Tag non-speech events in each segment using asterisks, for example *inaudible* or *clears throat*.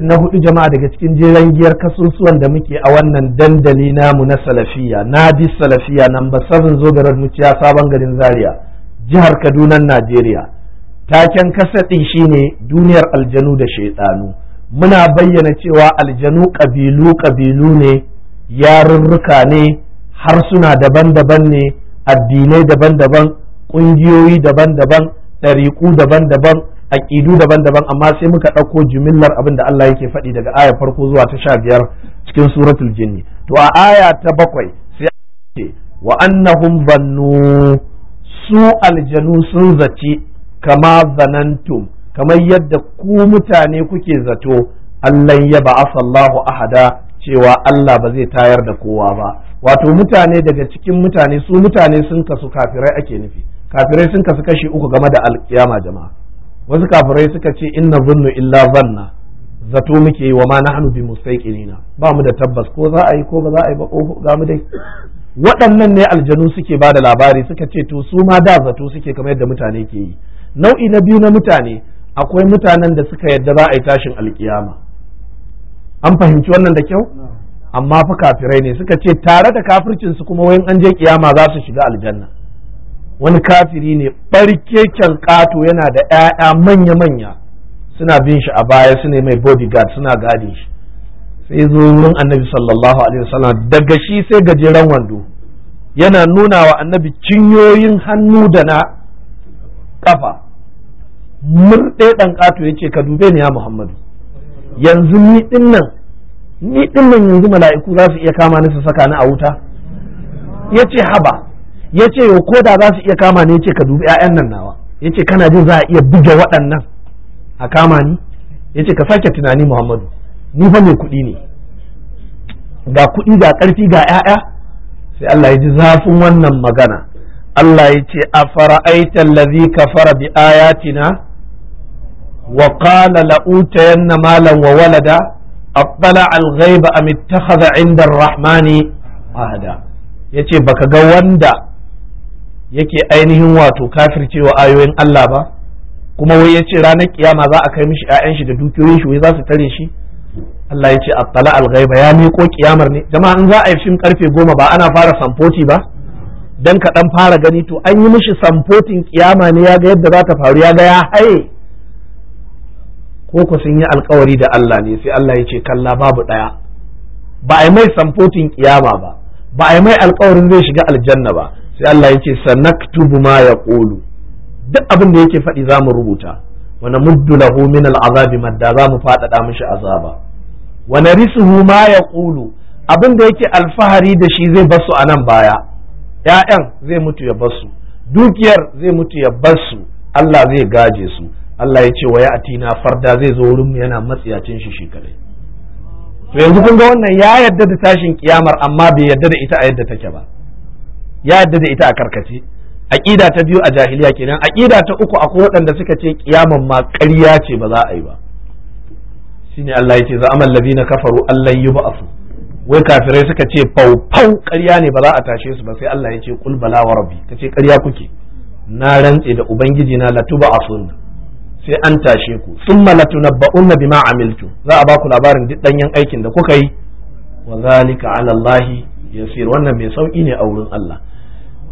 na hudu jama'a daga cikin jiran giyar kasusuwan da muke a wannan dandali namu na salafiya na bi salafiya namba 7 zogarar muciya sabon garin zaria jihar kaduna najeriya taken kasadin shine duniyar aljanu da shaitanu muna bayyana cewa aljanu ƙabilu ƙabilu ne yarurruka ne harsuna daban-daban ne addinai daban-daban ƙungiyoyi daban-daban ɗariƙu daban-daban aƙidu daban-daban amma sai muka ɗauko jimillar abin da Allah yake faɗi daga aya farko zuwa ta sha biyar cikin suratul jinni to a aya ta bakwai sai ce wa annahum zannu su aljanu sun zaci kama zanantum kamar yadda ku mutane kuke zato Allah ya ba'asa Allahu ahada cewa Allah ba zai tayar da kowa ba wato mutane daga cikin mutane su mutane sun kasu kafirai ake nufi kafirai sun kasu kashi uku game da alkiyama jama'a wasu kafirai suka ce inna zunnu illa zanna zato muke yi wa ma nahnu bi na ba mu da tabbas ko za a yi ko ba za a yi ba ko ga mu dai waɗannan ne aljanu suke ba da labari suka ce to su ma da zato suke kamar yadda mutane ke yi nau'i na biyu na mutane akwai mutanen da suka yadda za a yi tashin alkiyama an fahimci wannan da kyau amma fa kafirai ne suka ce tare da kafircin su kuma wayan an je kiyama za su shiga aljanna wani kafiri ne barkeken ƙato yana da 'ya'ya manya-manya suna bin shi a baya su ne mai bodyguard suna gadin shi sai zo wurin annabi sallallahu alaihi wasallam daga shi sai gajeren wando yana nuna wa annabi cinyoyin hannu da na kafa murɗe ɗan ƙato ya ce ka dube ni ya muhammadu yanzu ni ɗinnan ni ɗinnan yanzu mala'iku za su iya kama ni su saka ni a wuta ya ce haba ya ce ko da za su iya kama ne ya ce ka dubi 'ya'yan nan nawa ya ce kana jin za a iya buge waɗannan a kama ni ya ce ka sake tunani muhammadu ni fa mai kuɗi ne ga kuɗi ga ƙarfi ga 'ya'ya sai Allah ya ji zafin wannan magana Allah ya ce a fara'aita allazi kafara bi ayatina wa qala la'utayanna malan wa walada اطلع الغيب ام اتخذ عند الرحمن عهدا yace baka ga wanda yake ainihin wato kafircewa ayoyin Allah ba kuma wai ya ce ranar kiyama za a kai mishi 'ya'yan shi da dukiyoyin shi wai za su tare shi Allah ya ce attala al-ghaiba ya Ko kiyamar ne jama'a in za a yi fim karfe goma ba ana fara samfoti ba dan kaɗan fara gani to an yi mishi samfotin kiyama ne ya ga yadda za ta faru ya ga ya haye ko ku sun yi alkawari da Allah ne sai Allah ya ce kalla babu daya ba a yi mai samfotin kiyama ba ba a yi mai alkawarin zai shiga aljanna ba sai Allah ya ce sanaktubu ma ya ƙulu duk abin da yake faɗi zamu rubuta wani muddu lahu min al'azabi madda zamu faɗaɗa mashi azaba risu hu ma ƙolu abin da yake alfahari da shi zai basu a nan baya ‘ya'yan zai mutu ya basu dukiyar zai mutu ya basu Allah zai gaje su Allah ya ce wa ya atina farda zai zo wurin mu yana matsiyacin shi shi kadai to yanzu kun ga wannan ya yadda da tashin kiyamar amma bai yadda da ita a yadda take ba ya yadda da ita a karkace aqida ta biyu a jahiliya kenan aqida ta uku akwai waɗanda suka ce kiyaman ma ƙarya ce ba za a yi ba shine Allah yace za amal ladina kafaru allan yub'asu wai kafirai suka ce faufau ƙarya ne ba za a tashe su ba sai Allah ya ce kul bala wa rabbi kace ƙarya kuke na rantse da ubangiji na latuba asun sai an tashe ku summa latunabba'unna bima amiltu za a ba ku labarin duk danyen aikin da kuka yi wa zalika ala Allah yasir wannan mai sauki ne a wurin Allah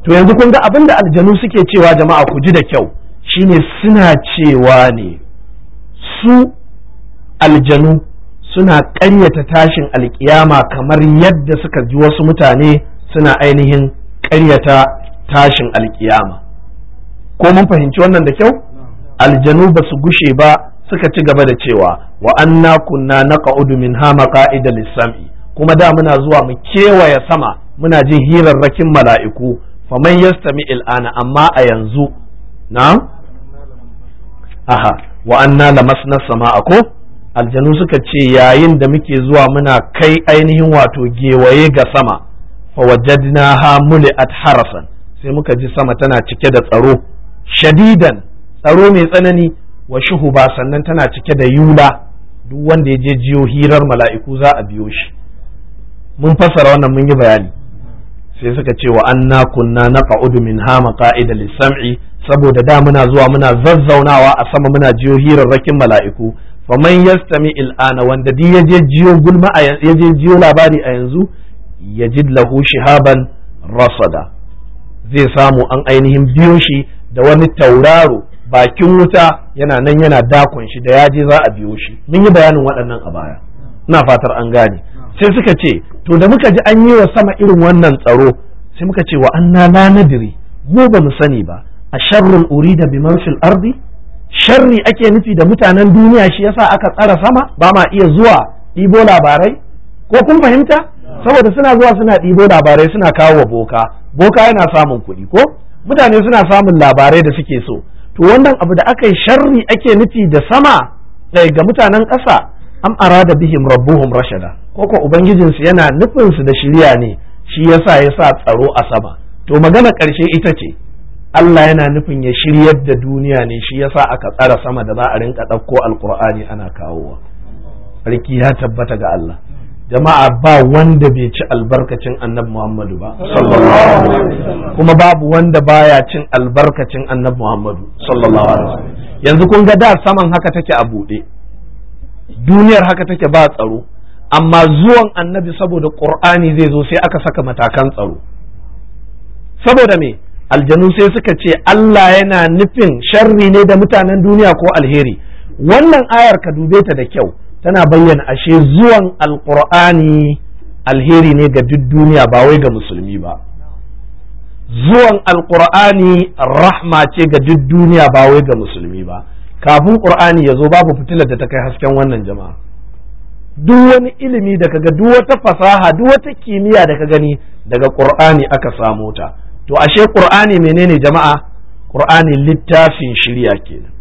to yanzu kun ga abin da aljanu suke cewa jama'a ku ji da kyau shine suna cewa ne su aljanu suna ƙaryata tashin alkiyama kamar yadda suka ji wasu mutane suna ainihin ƙaryata tashin alkiyama ko mun fahimci wannan da kyau aljanu ba su gushe ba suka ci gaba da cewa wa anna kunna naqa'udu min ha maqa'ida lis-sam'i kuma da muna zuwa mu kewaye sama muna jin hirarrakin mala'iku faman yastami il'ana amma a yanzu na aha wa anna lamasna sama'a ko aljanu suka ce yayin da muke zuwa muna kai ainihin wato gewaye ga sama fa wajadnaha muli'at harasan sai muka ji sama tana cike da tsaro shadidan tsaro mai tsanani wa shuhuba sannan tana cike da yula duk wanda ya je jiyo hirar mala'iku za a biyo shi mun fassara wannan mun yi bayani sai suka ce wa anna kunna ƙa'udu min hama ƙa'ida lissam'i saboda da muna zuwa muna zazzaunawa a sama muna jiyo hirarrakin mala'iku man yastami il'ana wanda di je jiyo gulma yaje jiyo labari a yanzu ya ji lahu shihaban rasada zai samu an ainihin biyo shi da wani tauraro bakin wuta yana nan yana dakon shi da ya je za a biyo shi mun yi bayanin waɗannan a baya ina fatar an gane sai suka ce to da muka ji an yi wa sama irin wannan tsaro sai muka ce wa anna na nadiri mu ba mu sani ba a sharrul urida bi man fil ardi sharri ake nufi da mutanen duniya shi yasa aka tsara sama ba ma iya zuwa ɗibo labarai ko kun fahimta saboda suna zuwa suna ɗibo labarai suna kawo wa boka boka yana samun kuɗi ko mutane suna samun labarai da suke so to wannan abu da aka yi sharri ake nufi da sama daga eh, mutanen ƙasa am arada bihim rabbuhum rashada koko ubangijinsu yana nufinsu da shirya ne shi yasa ya sa tsaro a sama to magana ƙarshe ita ce Allah yana nufin ya shiryar da duniya ne shi ya sa aka tsara sama da za a rinka ɗauko alkur'ani ana kawowa sarki ya tabbata ga Allah jama'a ba wanda bai ci albarkacin annabi Muhammadu ba kuma babu wanda baya cin albarkacin annabi Muhammadu sallallahu alaihi yanzu kun ga da saman haka take a buɗe duniyar haka take ba tsaro amma zuwan annabi saboda ƙur'ani zai zo sai aka saka matakan tsaro saboda me aljanu sai suka ce Allah yana nufin sharri ne da mutanen duniya ko alheri wannan ayar ka dube ta da kyau tana bayyana ashe zuwan alƙur'ani alheri ne ga duk duniya ba wai ga musulmi ba zuwan alƙur'ani rahma ce ga duk duniya ba wai ga musulmi ba kafin ƙur'ani ya zo babu fitilar da ta kai hasken wannan jama'a duk wani ilimi da kaga duk wata fasaha duk wata kimiyya da ka gani daga qur'ani aka samo ta to ashe qur'ani menene jama'a qur'ani littafin shirya kenan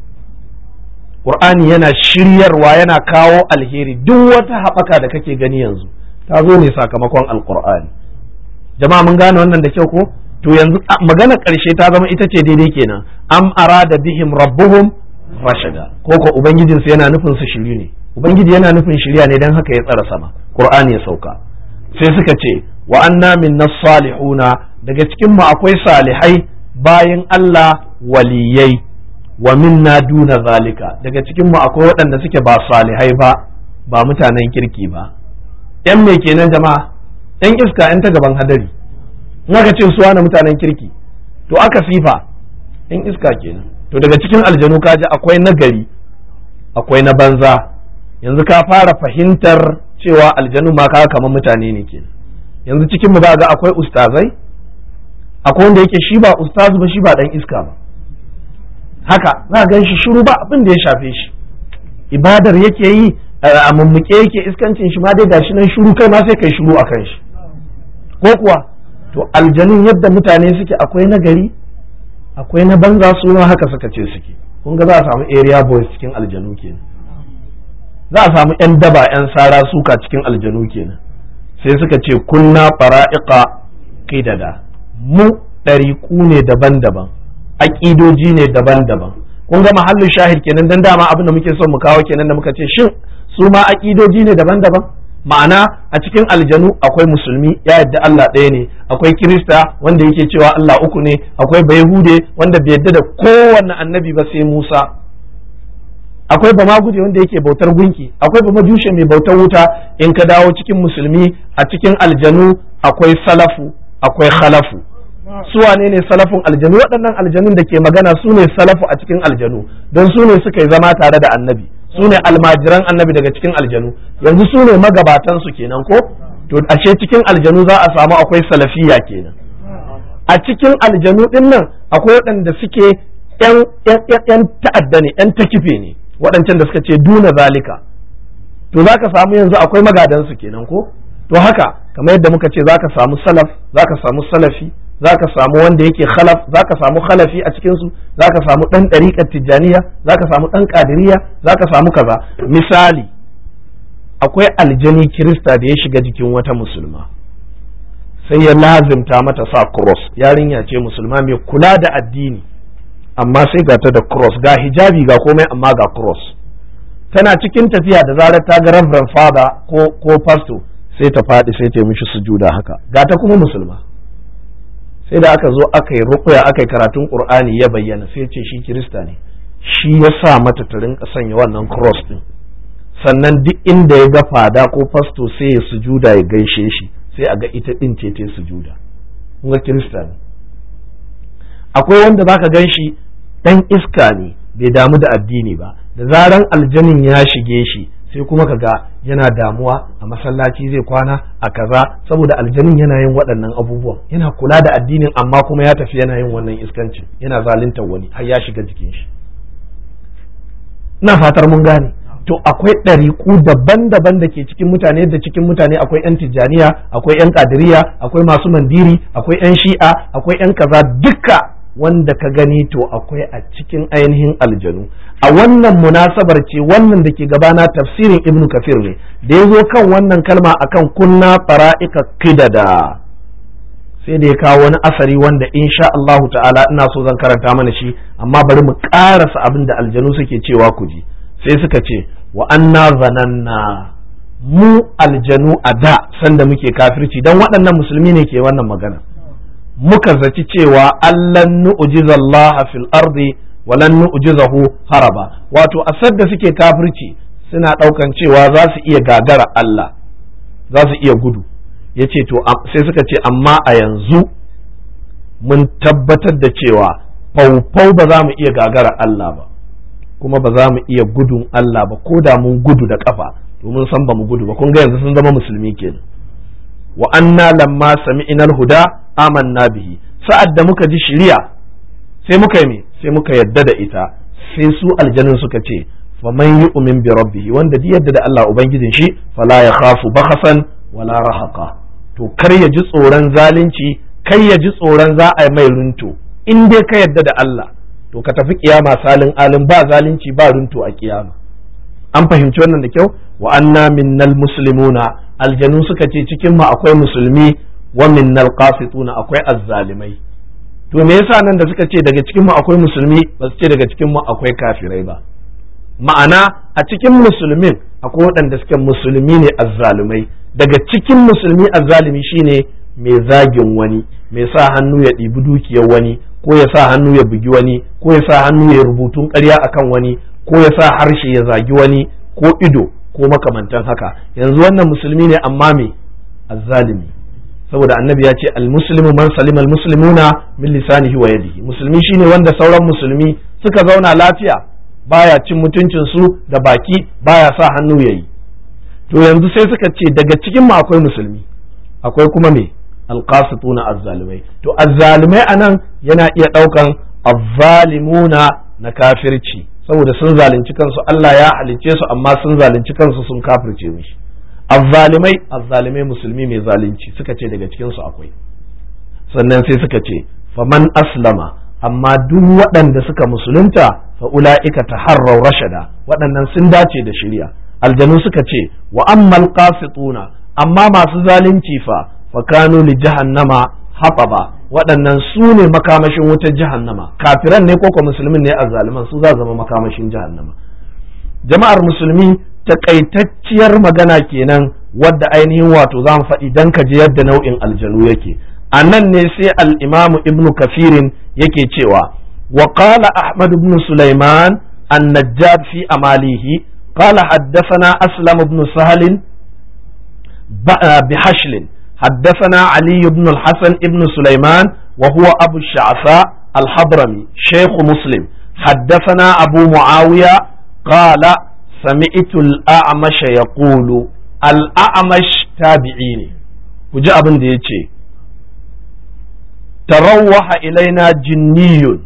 qur'ani yana shiryarwa yana kawo alheri duk wata haɓaka da kake gani yanzu ta zo ne sakamakon alqur'ani jama'a mun gane wannan da kyau ko to yanzu magana ƙarshe ta zama ita ce daidai kenan am arada bihim rabbuhum rashada ko ko ubangijinsu yana nufin su shiryu ne ubangiji yana nufin shirya ne don haka ya tsara sama qur'ani ya sauka sai suka ce wa anna minna salihuna daga cikin mu akwai salihai bayan Allah waliyai wa minna duna zalika daga cikin mu akwai waɗanda suke ba salihai ba ba mutanen kirki ba yan me kenan jama'a yan iska yan ta gaban hadari in aka ce suwa na mutanen kirki to aka sifa yan iska kenan to daga cikin aljanu kaji akwai nagari akwai na banza yanzu ka fara fahimtar cewa aljanu ma ka kamar mutane ne ke yanzu cikin mu ba ga akwai ustazai akwai wanda yake shi ba ustazu ba shi ba dan iska ba haka za gan shi shiru ba abin da ya shafe shi ibadar yake yi a mummuke yake iskancin shi ma dai gashi nan shiru kai ma sai kai shiru akan shi ko kuwa to aljanun yadda mutane suke akwai na gari akwai na banza su haka suka ce suke kun ga za a samu area boys cikin aljanu kenan za a samu yan daba yan sara suka cikin aljanu kenan sai suka ce kunna fara'iqa qidada mu ɗariƙu ne daban-daban aƙidoji ne daban-daban kun ga mahallin shahid kenan dan dama abin da muke son mu kawo kenan da muka ce shin su ma aƙidoji ne daban-daban ma'ana a cikin aljanu akwai musulmi ya yadda Allah ɗaya ne akwai kirista wanda yake cewa Allah uku ne akwai bayahude wanda bai yadda da kowanne annabi ba sai Musa akwai ba Maguje wanda yake bautar gunki akwai ba majushe mai bautar wuta in ka dawo cikin musulmi a cikin aljanu akwai salafu akwai khalafu su wane ne salafun aljanu waɗannan aljanun da ke magana su ne salafu a cikin aljanu don su ne suka yi zama tare da annabi su ne almajiran annabi daga cikin aljanu yanzu su ne magabatan kenan ko to ashe cikin aljanu za a samu akwai salafiya kenan a cikin aljanu din nan akwai waɗanda suke yan ta'adda ne yan takife ne waɗancan da suka ce duna zalika to za ka samu yanzu akwai magadansu kenan ko to haka kamar yadda muka ce za ka samu salaf za ka samu salafi za ka samu wanda yake khalaf za ka samu khalafi a cikinsu za ka samu ɗan ɗariƙar tijjaniya za ka samu ɗan ƙadiriya za ka samu kaza misali akwai aljani kirista da ya shiga jikin wata musulma sai ya lazimta mata sa cross yarinya ce musulma mai kula da addini amma sai ga ta da cross ga hijabi ga komai amma ga cross tana cikin tafiya da zarar ta ga reverend father ko ko pastor sai ta faɗi sai ta yi mishi sujuda haka ga ta kuma musulma sai da aka zo aka yi rukuya aka yi karatun qur'ani ya bayyana sai ce shi kirista ne shi ya sa mata ta rinka sanya wannan cross din sannan duk inda ya ga fada ko fasto sai ya sujuda ya gaishe shi sai a ga ita din ce ta sujuda kun ga kirista ne akwai wanda zaka gan shi dan iska ne bai damu da addini ba da zaran aljanin ya shige shi sai kuma kaga yana damuwa a masallaci zai kwana a kaza saboda aljanin yana yin waɗannan abubuwan yana kula da addinin amma kuma ya tafi yana yin wannan iskancin yana zaluntar wani har ya shiga jikin shi ina fatar mun gane to akwai ɗariƙu daban-daban da ke cikin mutane da cikin mutane akwai 'yan tijjaniya akwai 'yan Kadiriya, akwai masu mandiri akwai 'yan shi'a akwai 'yan kaza duka wanda ka gani to akwai a cikin ainihin aljanu a wannan munasabar ce wannan da ke gabana tafsirin ibnu kafir ne da ya zo kan wannan kalma akan kunna fara'ika kidada sai da ya kawo wani asari wanda insha Allahu ta'ala ina so zan karanta mana shi amma bari mu karasa abin da aljanu suke cewa ku ji sai suka ce wa anna zananna mu aljanu a da sanda muke kafirci dan waɗannan musulmi ne ke wannan magana muka zaci cewa allan nu'jizallaha fil ardi walan nu'jizahu haraba wato asar da suke kafirci suna daukan cewa za su iya gagara Allah za su iya gudu yace to sai suka ce amma a yanzu mun tabbatar da cewa faufau ba za mu iya gagara Allah ba kuma ba za mu iya gudun Allah ba ko da mun gudu da kafa domin san ba mu gudu ba kun ga yanzu sun zama musulmi kenan wa anna lamma sami'nal huda amanna bihi sa'ad da muka ji shiriya sai muka yi sai muka yadda da ita sai su aljannin suka ce fa man yu'min bi rabbihi wanda duk yadda da Allah ubangijin shi fala ya khafu bakhasan wala rahaqa to kar ya ji tsoron zalunci kar ya ji tsoron za a yi mai runto in dai ka yadda da Allah to ka tafi kiyama salin alin ba zalunci ba runto a kiyama an fahimci wannan da kyau wa anna minnal muslimuna aljanu suka ce cikin mu akwai musulmi wa minnal qasituna akwai azzalimai to me yasa nan da suka ce daga cikin mu akwai musulmi ba su ce daga cikin mu akwai kafirai ba ma'ana a cikin musulmin akwai waɗanda suke musulmi ne azzalumai daga cikin musulmi azzalumi shine mai zagin wani mai sa hannu ya ɗibi dukiyar wani ko ya sa hannu ya bugi wani ko ya sa hannu ya rubutun ƙarya akan wani ko ya sa harshe ya zagi wani ko ido ko makamantan haka yanzu wannan musulmi ne amma me azzalimi saboda annabi ya ce almuslimu man salima almuslimuna min lisanihi wa yadihi musulmi shine wanda sauran musulmi suka zauna lafiya baya cin mutuncin su da baki baya sa hannu yayi to yanzu sai suka ce daga cikin mu akwai musulmi akwai kuma me alqasituna azzalimai to azzalimai anan yana iya daukan azzalimuna na kafirci saboda sun zalunci kansu Allah ya halice su amma sun zalunci kansu sun kafirce mu azzalimai azzalimai musulmi mai zalunci suka ce daga cikin su akwai sannan sai suka ce faman aslama amma duk waɗanda suka musulunta fa ula'ika taharraw rashada waɗannan sun dace da shari'a aljanu suka ce wa ammal qasituna amma masu zalunci fa fa kanu li jahannama haɓaba waɗannan su ne makamashin wutar jahannama kafiran ne koko musulmin ne a zaliman su za zama makamashin jahannama jama'ar musulmi takaitacciyar magana kenan wadda ainihin wato za mu faɗi don ka ji yadda nau'in aljanu yake a nan ne sai al'imamu ibnu kafirin yake cewa wa qala ahmad ibn sulaiman an najjab fi amalihi qala haddathana aslam ibn sahlin bi hashlin حدثنا علي بن الحسن بن سليمان وهو أبو الشعثاء الحضرمي شيخ مسلم حدثنا أبو معاوية قال سمعت الأعمش يقول الأعمش تابعيني وجاء ابن ديتشي تروح إلينا جني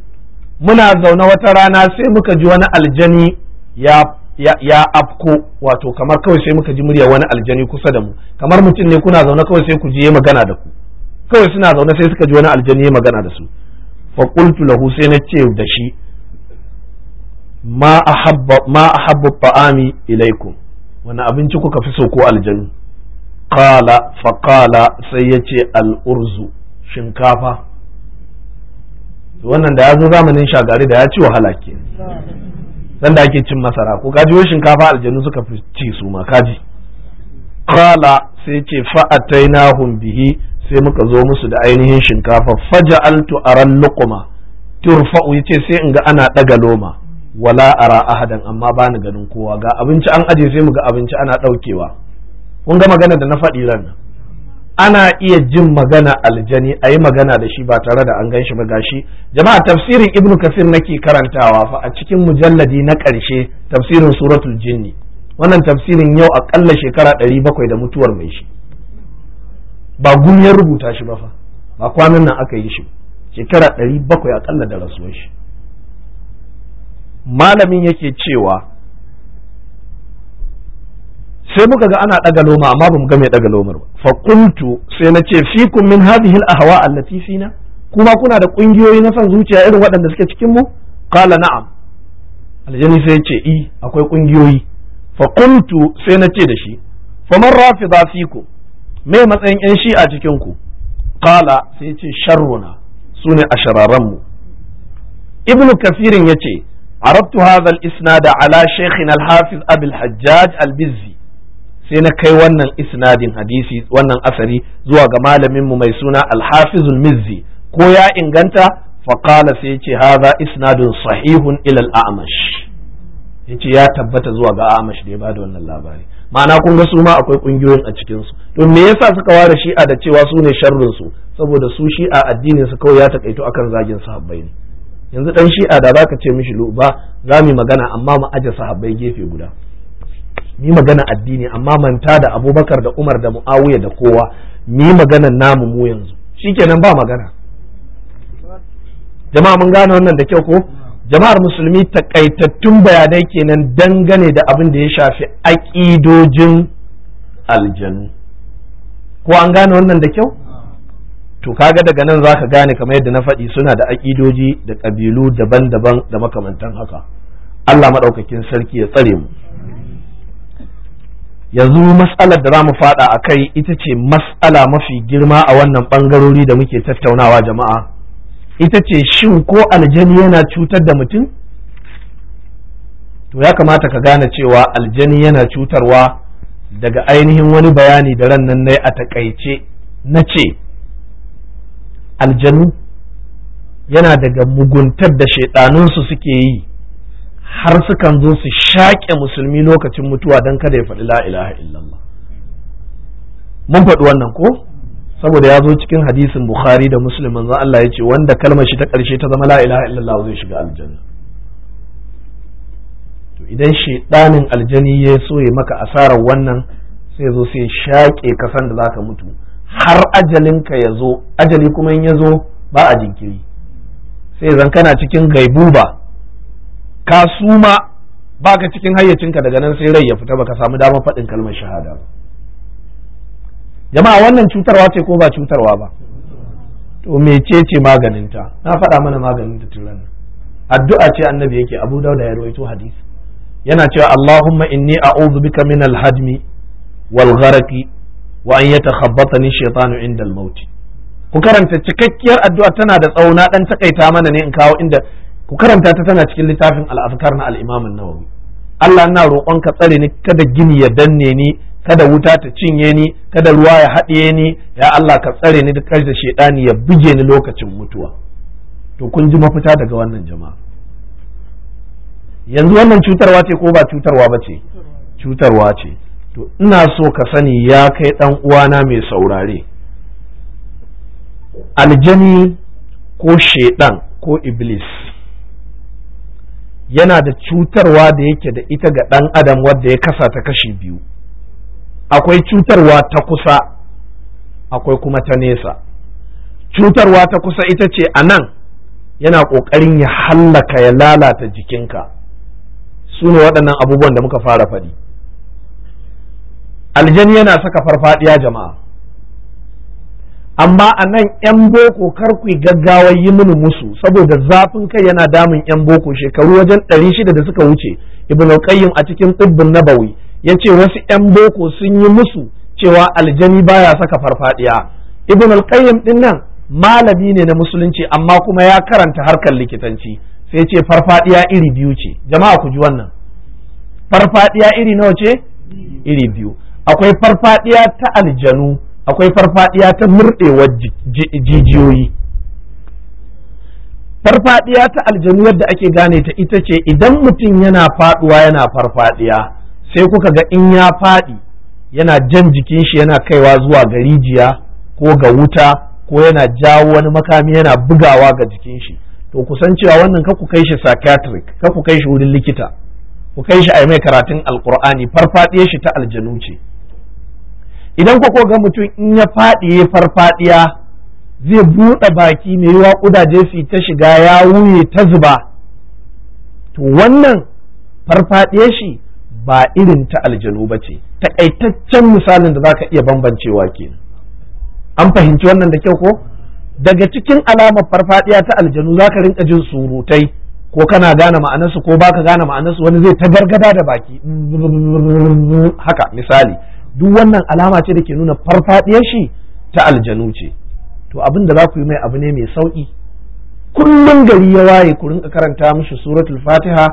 muna zaune wata rana sai muka ji wani aljani ya ya afko wato kamar kawai sai muka ji murya wani aljani kusa da mu kamar mutum ne kuna zaune kawai sai ku je magana da ku kawai suna zaune sai suka ji wani aljani ya magana da su fa qultu lahu sai na ce da shi ma ahabba ma ahabba ta'ami ilaikum wani abinci kuka fi so ko aljanu qala fa qala sai yace al urzu shinkafa wannan da ya zo zamanin shagari da ya ci wahala ke dan da ake cin masara ko kaji wai shinkafa aljanu suka fi ci su ma kaji qala sai ce atainahum bihi sai muka zo musu da ainihin shinkafa faja'altu aran luqma turfa'u yace sai in ga ana daga loma wala ara ahadan amma ba ni ganin kowa ga abinci an aje sai mu ga abinci ana daukewa kun ga magana da na faɗi ran nan ana iya jin magana aljani a yi magana da shi ba tare da an gan shi ba gashi jama'a tafsirin ibnu kasir nake karantawa fa a cikin mujalladi na ƙarshe tafsirin suratul jinni wannan tafsirin yau akalla shekara ɗari da mutuwar mai shi ba gumi ya rubuta shi ba fa ba kwanan nan aka yi shi shekara ɗari bakwai da rasuwar shi malamin yake cewa sai muka ga ana daga loma amma ba mu ga mai daga lomar ba fa sai na ce fikum min hadhihi al-ahwa allati fina kuma kuna da kungiyoyi na son zuciya irin waɗanda suke cikin mu qala na'am aljani sai ce i akwai kungiyoyi fa sai na ce da shi fa man rafida fikum me matsayin yan shi'a cikin ku qala sai ce sharruna sune ashararan mu ibnu kasirin yace عرفت هذا الإسناد على شيخنا الحافظ أبي الحجاج البزي sai na kai wannan isnadin hadisi wannan asari zuwa ga malamin mu mai suna alhafizul mizzi ko ya inganta faqala sai yace hadha isnadun sahihun ilal al-a'mash yace ya tabbata zuwa ga a'mash da ya bada wannan labari ma'ana kun ga su ma akwai kungiyoyin a cikinsu. su to me yasa suka ware shi'a da cewa su ne sharrin su saboda su shi'a addinin su kawai ya takaito akan zagin sahabbai ne yanzu dan shi'a da zaka ce mishi luba za mu magana amma mu aje sahabbai gefe guda Ni magana addini amma manta da abubakar da umar da muawiya da kowa ni magana namu mu yanzu Shi shikenan ba magana jama'a mun gane wannan da kyau ko jama'ar musulmi takaitattun bayanai kenan dangane da abin da ya shafi aƙidojin aljanu ko an gane wannan da kyau to kaga daga nan zaka gane kamar yadda na faɗi suna da aƙidoji da ƙabilu daban-daban da makamantan haka Allah maɗaukakin sarki ya tsare mu yanzu mas'alar da za mu faɗa a kai ita ce mas'ala mafi girma a wannan ɓangarori da muke tattaunawa jama'a ita ce shin ko aljani yana cutar da mutum to ya kamata ka gane cewa aljani yana cutarwa daga ainihin wani bayani da ran nan a takaice na ce aljanu yana daga muguntar da shaiɗanunsu suke yi har sukan zo su shaƙe musulmi lokacin mutuwa don kada ya faɗi la ilaha illallah mun faɗi wannan ko saboda ya zo cikin hadisin bukhari da muslim manzo Allah ya ce wanda kalmar shi ta ƙarshe ta zama la ilaha illallah zai shiga aljanna to idan shedanin aljani ya so ya maka asarar wannan sai zo sai shaƙe kasan da zaka mutu har ajalinka ya zo ajali kuma in ya zo ba a jinkiri sai zan kana cikin gaibuba kasuma baka cikin hayyacinka daga nan sai rai ya fita baka samu damar faɗin kalmar shahada jama'a wannan cutarwa ce ko ba cutarwa ba to mecece maganinta na faɗa mana maganinta tun ranar addu'a ce annabi yake abu dauda ya rawaito hadisi yana cewa allahumma inni a'udhu bika min alhadmi hadmi wal gharqi wa an yatakhabbatani shaytanu inda al ku karanta cikakkiyar addu'a tana da tsauna dan takaita mana ne in kawo inda ku karanta ta tana cikin littafin al'afkar na al'imamin nawawi Allah na roƙon ka tsare ni kada gini ya danne ni kada wuta ta cinye ni kada ruwa ya haɗiye ni ya Allah ka tsare ni duk da shaidani ya buge ni lokacin mutuwa to kun ji mafita daga wannan jama'a yanzu wannan cutarwa ce ko ba cutarwa ba ce cutarwa ce to ina so ka sani ya kai ɗan uwana mai saurare aljani ko shaidan ko iblis yana da cutarwa da yake da ita ga ɗan adam wadda ya kasa ta kashe biyu akwai cutarwa ta kusa akwai kuma ta nesa cutarwa ta kusa ita ce a nan yana ƙoƙarin ya hallaka ya lalata jikinka su ne waɗannan abubuwan da muka fara faɗi aljani yana saka farfaɗiya jama'a amma a nan yan boko kar ku gaggawa yi mini musu saboda zafin kai yana damun yan boko shekaru wajen ɗari shida da suka wuce ibn qayyim a cikin tibbin nabawi ce wasu yan boko sun yi musu cewa aljani baya saka farfadiya ibn qayyim din nan malami ne na musulunci amma kuma ya karanta harkar likitanci sai ce farfadiya iri biyu ce jama'a ku ji wannan farfadiya iri nawa ce iri biyu akwai farfadiya ta aljanu akwai farfadiya ta murɗewar jijiyoyi farfadiya ta aljanu yadda ake gane ta ita ce idan mutum yana faduwa yana farfadiya sai kuka ga in ya fadi yana jan jikin shi yana kaiwa zuwa ga rijiya ko ga wuta ko yana jawo wani makami yana bugawa ga jikin shi to kusan cewa wannan ka ku kai shi psychiatric ka ku kai shi wurin likita ku kai shi a mai karatun alkur'ani farfadiyar shi ta aljanu ce idan ko ga mutum in ya faɗi ya farfaɗiya zai buɗe baki mai yiwa ƙudaje su ta shiga ya wuye ta zuba to wannan farfaɗiyar shi ba irin ta aljanu ba ce takaitaccen misalin da za ka iya bambancewa ke an fahimci wannan da kyau ko daga cikin alamar farfaɗiya ta aljanu za ka rinka jin surutai ko kana gane ma'anarsu ko baka gane ma'anarsu wani zai ta gargada da baki haka misali duk wannan alama ce da ke nuna farfadiyar shi ta aljanu ce to abin da za ku yi mai abu ne mai sauƙi. kullum gari ya waye ku rinka karanta mishi suratul fatiha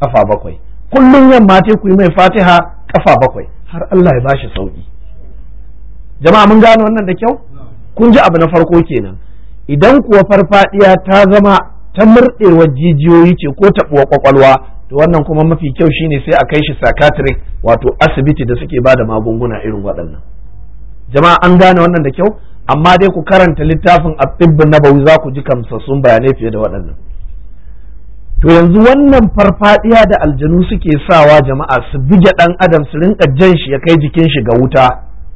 kafa bakwai kullum yamma ce ku yi mai fatiha kafa bakwai har Allah ya bashi sauƙi. jama'a mun gane wannan da kyau kun ji abu na farko kenan idan kuwa farfadiya ta zama ta murɗewar jijiyoyi ce ko taɓuwa ƙwaƙwalwa to wannan kuma mafi kyau shine sai a kai shi psychiatric wato asibiti da suke bada magunguna irin waɗannan jama'a an gane wannan da kyau amma dai ku karanta littafin at na nabawi za ku ji kamsassun bayanai fiye da waɗannan to yanzu wannan farfadiya da aljanu suke sawa jama'a su buge ɗan adam su rinka jan shi ya kai jikin shi ga wuta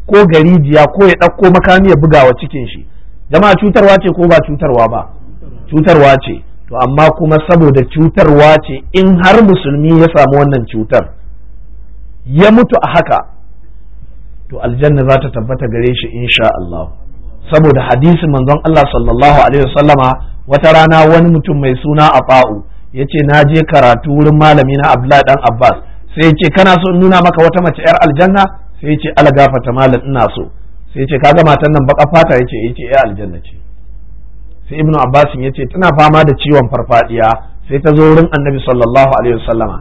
ko ga rijiya ko ya ɗauko makami ya bugawa cikin shi jama'a cutarwa ce ko ba cutarwa ba cutarwa ce to amma kuma saboda cutarwa ce in har musulmi ya samu wannan cutar ya mutu a haka to aljanna za ta tabbata gare shi insha Allah saboda hadisi manzon Allah sallallahu alaihi wasallama wata rana wani mutum mai suna Afa'u yace na je karatu wurin malami na Abdullah dan Abbas sai yace kana so in nuna maka wata mace yar aljanna sai yace ala gafata malam ina so sai yace kaga matan nan baka fata yace yace eh, yar eh, aljanna ce sai ibnu abbas ya ce tana fama da ciwon farfadiya sai ta zo wurin annabi sallallahu alaihi wasallama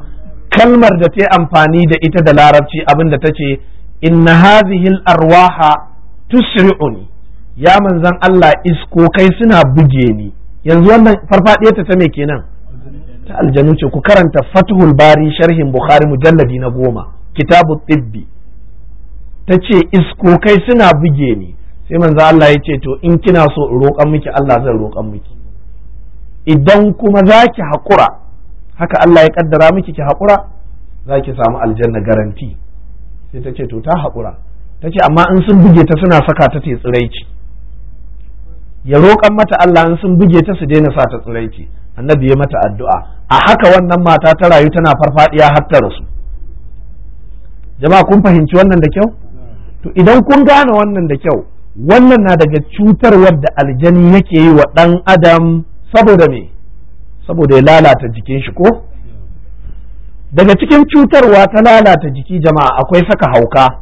kalmar da ta yi amfani da ita da larabci abin da ta ce inna hadhihi arwaha tusri'uni ya manzan Allah isko kai suna buge ni yanzu wannan farfadiyarta ta me kenan ta aljanu ce ku karanta fathul bari sharhin bukhari mujalladi na goma kitabu tibbi ta ce iskokai suna buge ni sai manzo Allah ya ce to in kina so in roƙan miki Allah zan roƙan miki idan kuma zaki ki haƙura haka Allah ya kaddara miki ki haƙura za samu aljanna garanti sai ta ce to ta haƙura ta ce amma in sun buge ta suna saka ta tsiraici ya roƙan mata Allah in sun buge ta su daina sa ta tsiraici annabi ya mata addu'a a haka wannan mata ta rayu tana farfadiya har ta rasu jama'a kun fahimci wannan da kyau to idan kun gane wannan da kyau wannan na daga cutarwar da aljani yake yi wa ɗan adam saboda me saboda ya lalata jikin shi ko daga cikin cutarwa ta lalata jiki jama'a akwai saka hauka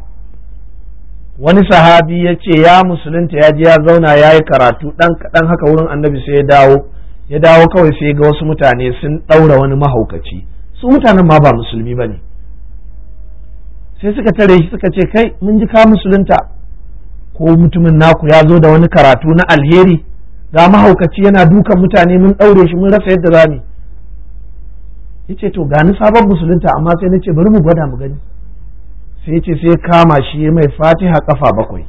wani sahabi ya ce ya musulunta ya ji ya zauna ya yi karatu ɗan kaɗan haka wurin annabi sai ya dawo ya dawo kawai sai ga wasu mutane sun ɗaura wani mahaukaci su mutanen ma ba musulmi ba ne sai suka tare shi suka ce kai mun ji ka musulunta ko mutumin naku ya zo da wani karatu na alheri ga mahaukaci yana dukan mutane mun ɗaure shi mun rasa yadda za Ya ce to gani sabon musulunta amma sai na ce bari mu gwada mu gani sai ce sai kama shi mai fatiha kafa bakwai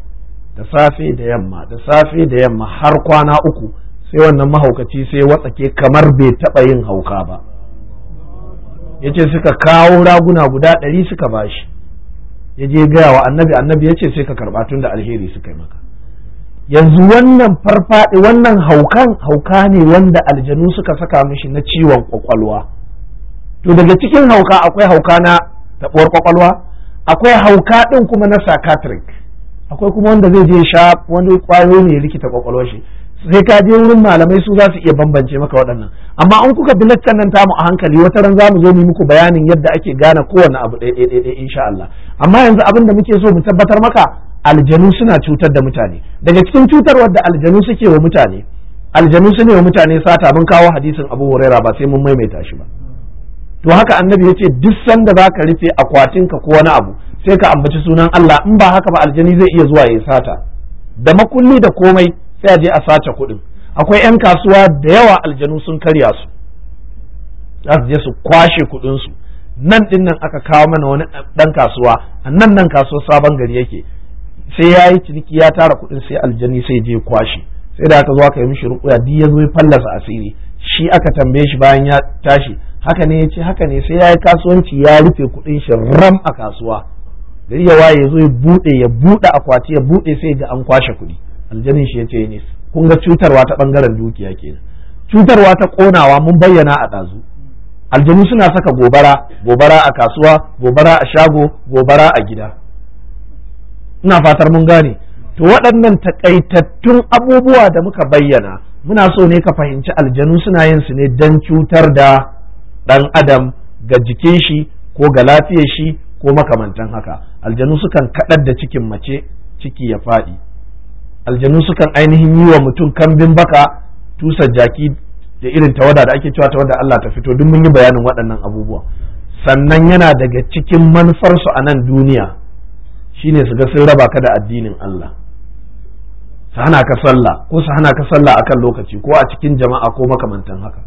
da safe da yamma da safe da yamma har kwana uku sai wannan mahaukaci sai watsake kamar bai taɓa yin hauka ba Ya ce suka kawo raguna guda ɗari suka bashi ya je gaya wa annabi annabi ya ce sai ka karba tun da alheri suka yi maka yanzu wannan farfaɗi wannan haukan hauka ne wanda aljanu suka saka mishi na ciwon kwakwalwa to daga cikin hauka akwai hauka na taɓuwar kwakwalwa akwai hauka ɗin kuma na psychiatric akwai kuma wanda zai je sha wani kwayo ne ya likita kwakwalwar shi sai ka je wurin malamai su za su iya bambance maka waɗannan amma an kuka bi laccan nan mu a hankali wata ran za mu zo mu muku bayanin yadda ake gane kowane abu ɗaya ɗaya ɗaya insha Allah amma yanzu abin da muke so mu tabbatar maka aljanu suna cutar da mutane daga cikin cutar da aljanu suke wa mutane aljanu su ne wa mutane sata mun kawo hadisin abu huraira ba sai mun maimaita shi ba to haka annabi yace duk sanda zaka rufe ka ko wani abu sai ka ambaci sunan Allah in ba haka ba aljani zai iya zuwa ya sata da makulli da komai sai a je a sace kuɗin akwai 'yan kasuwa da yawa aljanu sun karya su za su je su kwashe kuɗinsu nan din nan aka kawo mana wani ɗan kasuwa a nan nan kasuwar sabon gari yake sai ya yi ciniki ya tara kuɗin sai aljani sai je kwashi sai da aka zo aka yi mishi rukuya duk ya zo ya fallasa asiri shi aka tambaye shi bayan ya tashi haka ne ya ce haka ne sai ya yi kasuwanci ya rufe kuɗin shi ram a kasuwa gari ya waye ya zo ya buɗe ya buɗe akwati ya buɗe sai ga an kwashe kuɗi aljanin shi ya ce ne kun ga cutarwa ta ɓangaren dukiya kenan cutarwa ta ƙonawa mun bayyana a ɗazu aljanu suna saka gobara gobara a kasuwa gobara a shago gobara a gida ina fatar mun gane to waɗannan takaitattun abubuwa da muka bayyana muna so ne ka fahimci aljanu suna yin su ne don cutar da ɗan adam ga jikin shi ko ga lafiyar shi ko makamantan haka aljanu sukan kaɗar da cikin mace ciki ya faɗi aljanu sukan ainihin yi wa mutum kambin baka tusar jaki da irin tawada da ake cewa tawada Allah ta fito duk mun yi bayanin waɗannan abubuwa sannan yana daga cikin manufarsu a nan duniya shine su ga sun raba ka da addinin Allah su hana ka sallah ko su hana ka sallah akan lokaci ko a cikin jama'a ko makamantan haka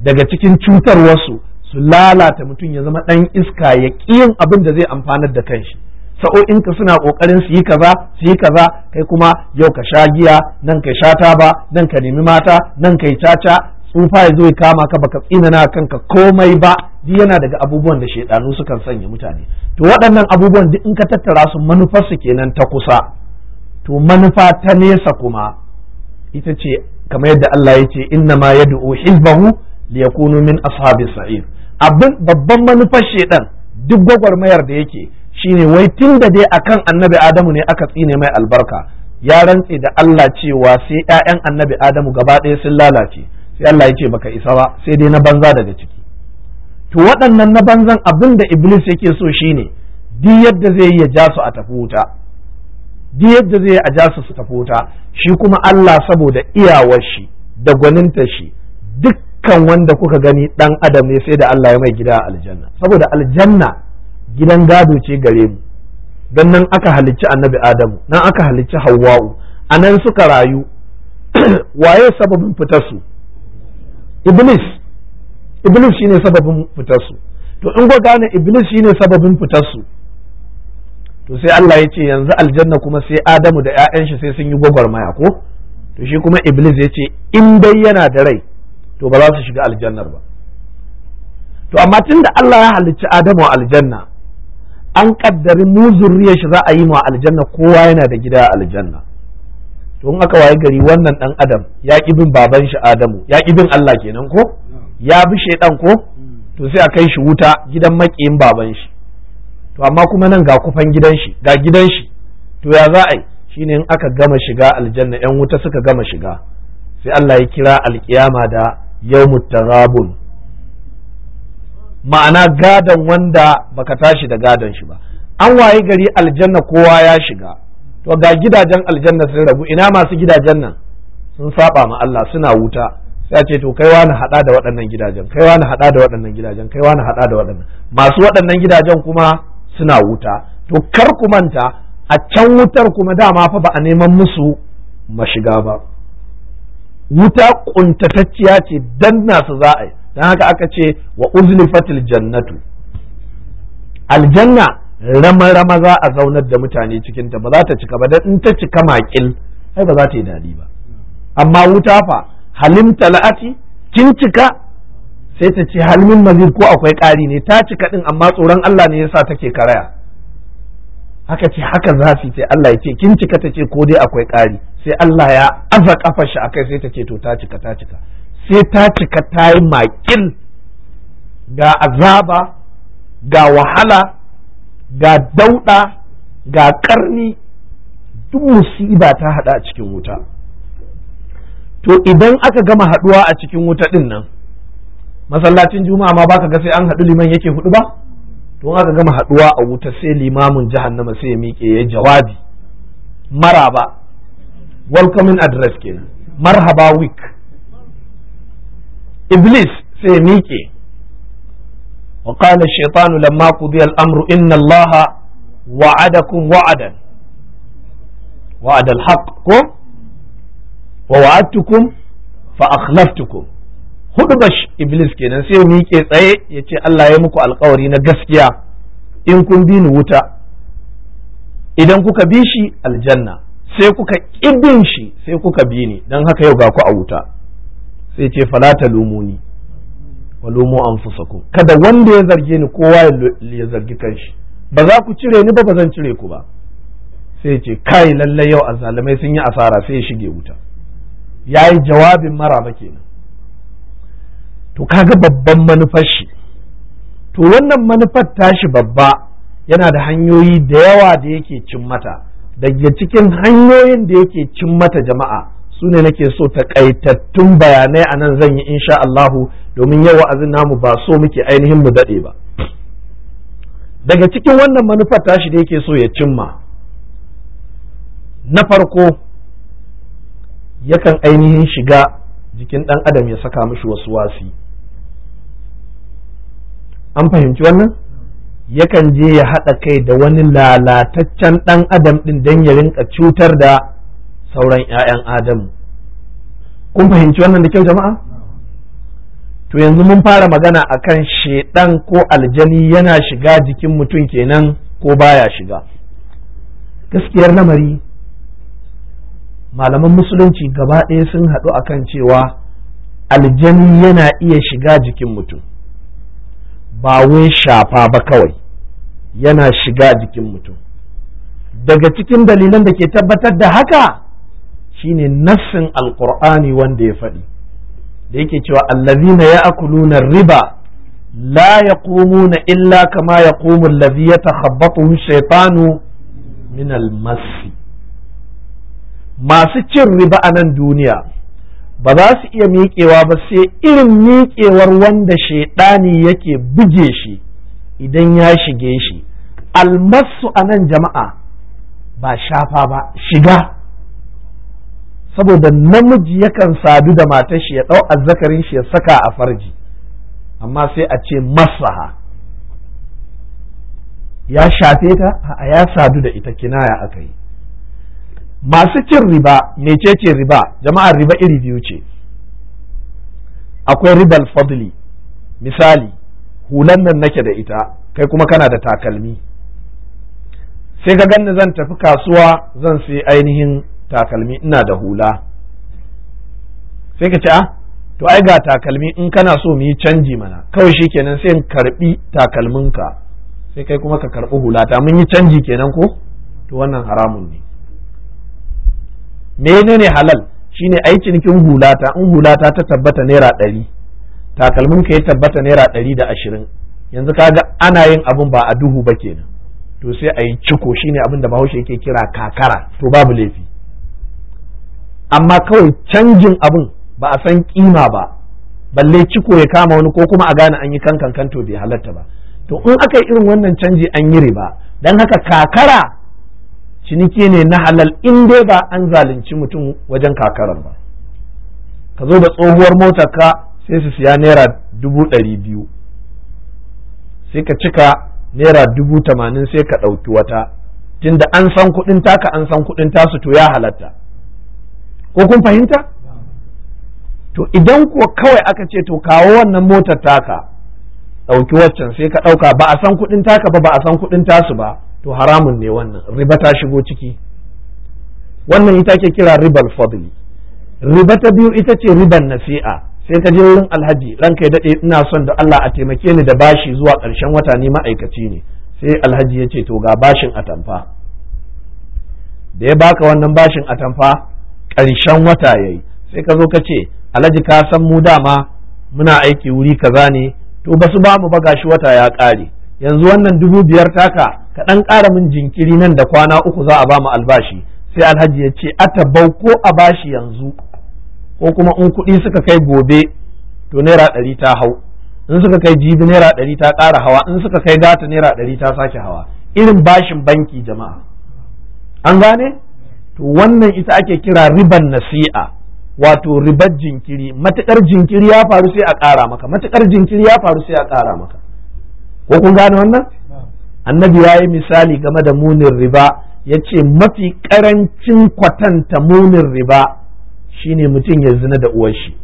daga cikin cutar wasu su lalata mutum ya zama ɗan iska ya ƙi abin da zai amfanar da kanshi sa'o'inka suna kokarin su yi kaza su yi kaza kai kuma yau ka sha giya nan ka sha taba nan ka nemi mata nan kai caca tsufa ya zo ya kama ka baka na kanka komai ba duk yana daga abubuwan da shaidanu sukan sanya mutane to waɗannan abubuwan duk in ka tattara su manufar su kenan ta kusa to manufa ta nesa kuma ita ce kamar yadda Allah ya ce inna ma yad'u hizbahu liyakunu min ashabis sa'ir abin babban manufar shaidan duk gwagwarmayar da yake shine wai tun da dai akan annabi adamu ne aka tsine mai albarka ya rantse da Allah cewa sai ƴaƴan annabi adamu gaba ɗaya sun lalace sai Allah ya ce baka isa ba sai dai na banza daga ciki to waɗannan na banzan abin da iblis yake so shine duk yadda zai yi ya ja su a tafi wuta duk yadda zai yi a ja su su tafi wuta shi kuma Allah saboda iyawar shi da gwaninta shi dukkan wanda kuka gani ɗan adam ne sai da Allah ya mai gida aljanna saboda aljanna gidan gado ce gare mu don nan aka halicci annabi adamu nan aka halicci hawwa'u a nan suka rayu *clears throat* waye sababin fitarsu iblis iblis shine sababin fitarsu to in gane iblis shine sababin fitarsu to sai Allah ya ce yanzu aljanna kuma sai adamu da 'ya'yan shi sai sun yi gwagwarmaya ko to shi kuma iblis ya ce in dai yana da rai to ba za su shiga aljannar ba to amma tunda Allah ya halicci Adamu aljanna an kaddari mu zurriyar shi za a yi ma aljanna kowa yana da gida a aljanna to in aka waye gari wannan dan adam ya ki bin baban shi adamu ya ki bin Allah kenan ko ya bi shaidan ko to sai a kai shi wuta gidan makiyin baban shi to amma kuma nan ga kufan gidan shi ga gidan shi to ya za a yi shine in aka gama shiga aljanna yan wuta suka gama shiga sai Allah ya kira alkiyama da yawmut tarabun ma'ana gadon wanda baka tashi da gadon shi ba an waye gari aljanna kowa ya shiga to ga gidajen aljanna sun rabu ina masu gidajen nan sun saba ma Allah suna wuta sai a ce to kai wani hada da waɗannan gidajen kai wani hada da waɗannan gidajen kai wani hada da waɗannan masu waɗannan gidajen kuma suna wuta to kar ku manta a can wutar kuma dama fa ba a neman musu mashiga ba wuta kuntatacciya ce danna su za a yi dan haka aka ce wa uzlifatil jannatu aljanna rama rama za a zaunar da mutane cikin ta ba za ta cika ba dan in ta cika makil ai ba za ta yi dadi ba amma wuta fa halim talati kin cika sai ta ce halmin mazid ko akwai ƙari ne ta cika din amma tsoron Allah ne yasa take karaya haka ce haka za su sai Allah ya ce kin cika ta ce ko dai akwai ƙari sai Allah ya aza kafar shi akai sai ta ce to ta cika ta cika sai ta cika ta yi maƙil ga azaba ga wahala ga dauɗa ga ƙarni duk musiba ta haɗa a cikin wuta to idan aka gama haɗuwa a cikin wuta ɗin nan masallacin juma'a ma baka ga sai an haɗu liman yake hudu ba to aka gama haɗuwa a wuta sai limamin jahannama sai ya miƙe ya jawabi maraba welcoming address kenan marhaba week iblis sai ya miƙe wa qala shaitanu lamma ku al-amru inna allaha kun wa'adan wa'ad haƙ ko wa wa'adtukum fa Hudu ba iblis kenan sai ya miƙe tsaye ya ce Allah ya muku alƙawari na gaskiya in kun bi ni wuta idan kuka bi shi aljanna sai kuka ƙibin shi sai kuka bi ni don haka yau ga ku a wuta sai ce fala lumuni wa lumu fusako. kada wanda ya zarge ni kowa ya zargi kanshi ba za ku cire ni ba ba zan cire ku ba sai ce kai lalle yau azalimai sun yi asara sai ya shige wuta yayi jawabin mara ba kenan to kaga babban manufar shi to wannan manufar tashi babba yana da hanyoyi da yawa da yake cin mata daga cikin hanyoyin da yake cin mata jama'a su ne nake so takaitattun bayanai a nan zan yi insha Allahu domin yau wa'azin namu ba so muke ainihin mu daɗe ba daga cikin wannan manufar tashi da yake so ya cimma na farko yakan ainihin shiga jikin ɗan adam ya saka mishi wasu wasi an fahimci wannan yakan je ya haɗa kai da wani lalataccen ɗan adam ɗin don ya rinka cutar da sauran 'ya'yan adamu kun fahimci wannan da kyau jama'a to yanzu mun fara magana a kan shaiɗan ko aljani yana shiga jikin mutum kenan ko baya shiga gaskiyar Namari, malaman musulunci gaba ɗaya sun haɗu a kan cewa aljani yana iya shiga jikin mutum ba wai shafa ba kawai yana shiga jikin mutum daga cikin dalilan da ke tabbatar da haka shine nassin Alƙur'ani wanda ya faɗi da yake cewa ya akuluna riba la na illa kama ya allazi yatakhabbathu shaitanu min almasi masu cin riba a nan duniya ba za su iya miƙewa ba sai irin miƙewar wanda shaiɗani yake buge shi idan ya shige shi almasu a nan jama'a ba shafa ba shiga saboda namiji yakan sadu da matar shi ya ɗau azzakarin shi ya saka a farji amma sai a ce masaha ya shafe ta a ya sadu da ita kinaya aka yi masu cin riba mecece riba jama'ar riba iri biyu ce akwai ribal fadli misali hulan nan nake da ita kai kuma kana da takalmi sai ka ganni zan tafi kasuwa zan sai ainihin takalmi ina da hula sai ka ce a ah, to ai ga takalmi in kana so mu yi canji mana kawai shikenan sai in karbi takalminka sai kai kuma ka karbi hulata mun yi canji kenan ko to wannan haramun ne menene halal shine aikin cinikin hulata in hulata ta tabbata naira ɗari takalminka ya tabbata naira ɗari da ashirin yanzu kaga ana yin abun ba a duhu ba kenan to sai a yi ciko shine abin da bahaushe yake kira kakara to babu laifi amma kawai canjin abin ba a san kima ba balle ciko ya kama wani ko kuma a gane an yi kankan kanto bai halatta ba to in aka yi irin wannan canji an yi riba don haka kakara ciniki ne na halal in dai ba an zalunci mutum wajen kakarar ba ka zo da tsohuwar mota ka sai su siya naira dubu ɗari biyu sai ka cika naira dubu tamanin sai ka ɗauki wata tunda an san kuɗin taka an san kuɗin tasu to ya halatta ko kun fahimta to idan kuwa kawai aka ce to kawo wannan motar taka ɗauki waccan sai ka ɗauka ba a san kuɗin taka ba ba a san kuɗin tasu ba to haramun ne wannan riba ta shigo ciki wannan ita ke kira ribar fadli riba ta biyu ita ce riban nasi'a sai ka je wurin alhaji ranka ya daɗe ina son da Allah a taimake ni da bashi zuwa ƙarshen wata ni ma'aikaci ne sai alhaji ya ce to ga bashin atamfa da ya baka wannan bashin atamfa ƙarshen wata ya yi sai ka zo ka ce alhaji ka san mu dama muna aiki wuri kaza ne to ba su ba mu ba gashi wata ya ƙare yanzu wannan dubu biyar taka ka ɗan ƙara min jinkiri nan da kwana uku za a ba mu albashi sai alhaji ya ce atabau ko a bashi yanzu ko kuma in kuɗi suka kai gobe to naira ɗari ta hau in suka kai jibi naira ɗari ta ƙara hawa in suka kai gata naira ɗari ta sake hawa irin bashin banki jama'a an gane to wannan ita ake kira riban nasi'a wato ribar jinkiri matakar jinkiri ya faru sai a ƙara maka matakar jinkiri ya faru sai a ƙara maka ko kun gane wannan annabi ya yi misali game da munin riba ya ce mafi ƙarancin kwatanta munin riba shine mutum ya zina da uwar shi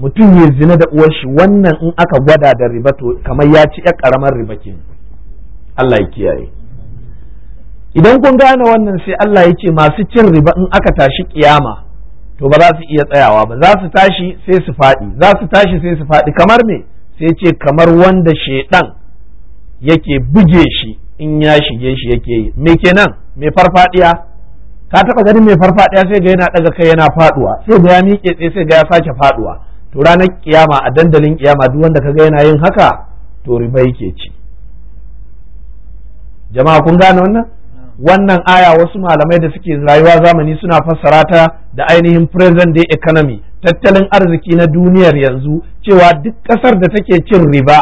mutum ya zina da uwar wannan in aka gwada da riba to kamar ya ci 'yar ƙaramar riba kenan Allah ya kiyaye idan kun gane wannan sai Allah ya ce masu cin riba in aka tashi kiyama to ba za su iya tsayawa ba za su tashi sai su faɗi za su tashi sai su faɗi kamar me sai ce kamar wanda shedan yake buge shi in ya shige shi yake yi me kenan me farfadiya ka taba ganin me farfadiya sai ga yana daga kai yana faduwa sai ga ya miƙe tsaye sai ga ya sake faduwa to ranar kiyama a dandalin kiyama duk wanda kaga yana yin haka to riba yake ci jama'a kun gane wannan wannan aya wasu malamai da suke rayuwa zamani suna fassara ta da ainihin present day economy tattalin arziki na duniyar yanzu cewa duk ƙasar da take cin riba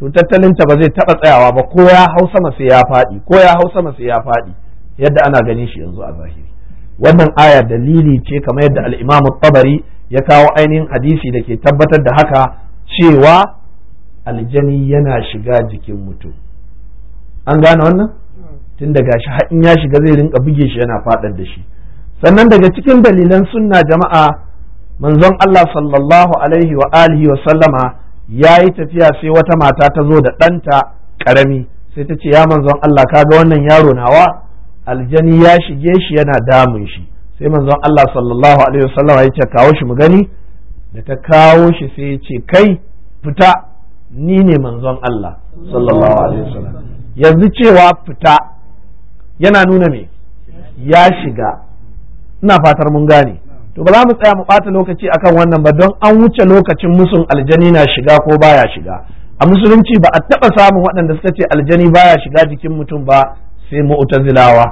to tattalin ta ba zai taɓa tsayawa ba ko ya hau sama sai ya faɗi ko ya hau sama sai ya faɗi yadda ana ganin shi yanzu a zahiri wannan aya dalili ce kamar yadda al-Imam tabari ya kawo ainihin hadisi da ke tabbatar da haka cewa aljani yana shiga jikin mutum an gane wannan tun da gashi har in ya shiga zai rinka buge shi yana faɗar da shi sannan daga cikin dalilan sunna jama'a manzon Allah sallallahu alaihi wa alihi wa sallama yayi tafiya sai wata mata ta zo da ɗanta karami sai ta ce ya manzon Allah kaga wannan yaro nawa aljani ya shige shi yana damun shi sai manzon Allah sallallahu alaihi wa sallama ya ce kawo shi mu gani da ta kawo shi sai ya ce kai fita ni ne manzon Allah sallallahu alaihi sallam yanzu cewa fita yana nuna me ya shiga ina fatar mun gane to ba za mu tsaya mu ɓata lokaci akan wannan ba don an wuce lokacin musun aljani na shiga ko baya shiga a musulunci ba a taɓa samun waɗanda suka ce aljani baya shiga jikin mutum ba sai mu'tazilawa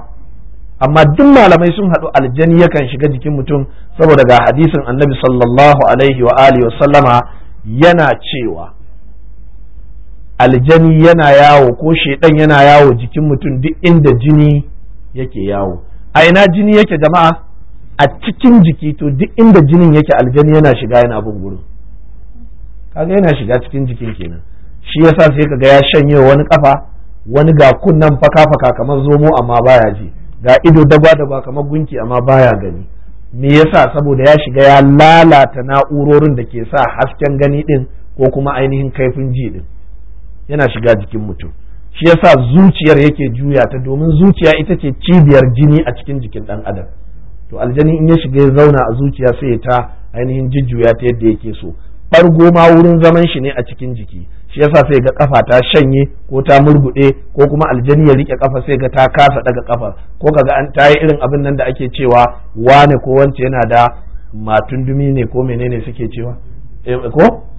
amma duk malamai sun haɗu aljani yakan shiga jikin mutum saboda ga hadisin annabi sallallahu alaihi wa alihi wa sallama yana cewa aljani yana yawo ko shedan yana yawo jikin mutum duk inda jini yake yawo a ina jini yake jama'a a cikin jiki to duk inda jinin yake aljani yana shiga yana bin guru kaga yana shiga cikin jikin kenan shi yasa sai kaga ya shanye wani kafa wani ga kunnan faka-faka kamar zomo amma baya ji ga ido dagwa-dagwa kamar gunki amma baya gani me yasa saboda ya shiga ya lalata na'urorin da ke sa hasken gani din ko kuma ainihin kaifin ji din yana shiga jikin mutum shi yasa zuciyar yake juya ta domin zuciya ita ce cibiyar jini a cikin jikin ɗan adam to aljani in ya shiga ya zauna a zuciya sai ta ainihin jujjuya ta yadda yake so bargo ma wurin zaman shi ne a cikin jiki shi yasa sai ga kafa ta shanye ko ta murguɗe ko kuma aljani ya rike kafa sai ga ta kasa daga kafa ko kaga an tayi irin abin nan da ake cewa wane ko wance yana da matundumi ne ko menene suke cewa eh, ko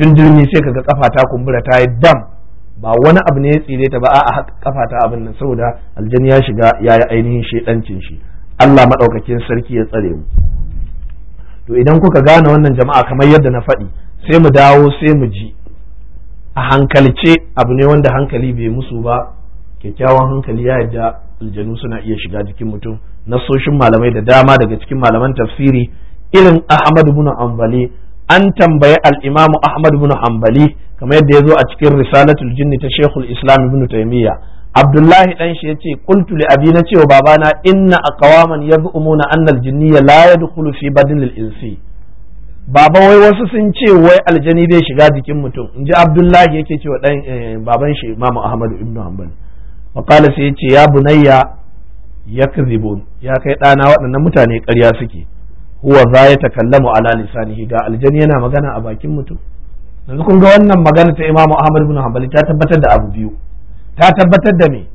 jinjirmi sai kaga kafa ta kumbura ta yi dam ba wani abu ne ya tsire ta ba a kafa ta abin nan saboda aljani ya shiga ya yi ainihin shedancin shi Allah madaukakin sarki ya tsare mu to idan kuka gane wannan jama'a kamar yadda na faɗi sai mu dawo sai mu ji a hankalce abu ne wanda hankali bai musu ba kyakkyawan hankali ya yadda aljanu suna iya shiga jikin mutum nasoshin malamai da dama daga cikin malaman tafsiri irin Ahmad bin Ambali an tambayi al imam ahmad bin hanbali kamar yadda ya zo a cikin risalatul jinni ta shekul islam ibn taimiyya abdullahi dan shi yace qultu li abi na cewa babana inna aqwaman yaz'umuna annal al-jinniya la yadkhulu fi badil insi baba wai wasu sun ce wai aljani bai shiga jikin mutum in ji abdullahi yake cewa dan eh, baban shi imamu ahmad ibn hanbali wa qala sai yace ya bunayya yakzibun ya kai dana waɗannan mutane ƙarya suke huwa za ya takallamu ala lisanihi ga aljani yana magana a bakin mutum yanzu kun ga wannan magana ta imamu ahmad ibn hanbali ta tabbatar da abu biyu ta tabbatar da me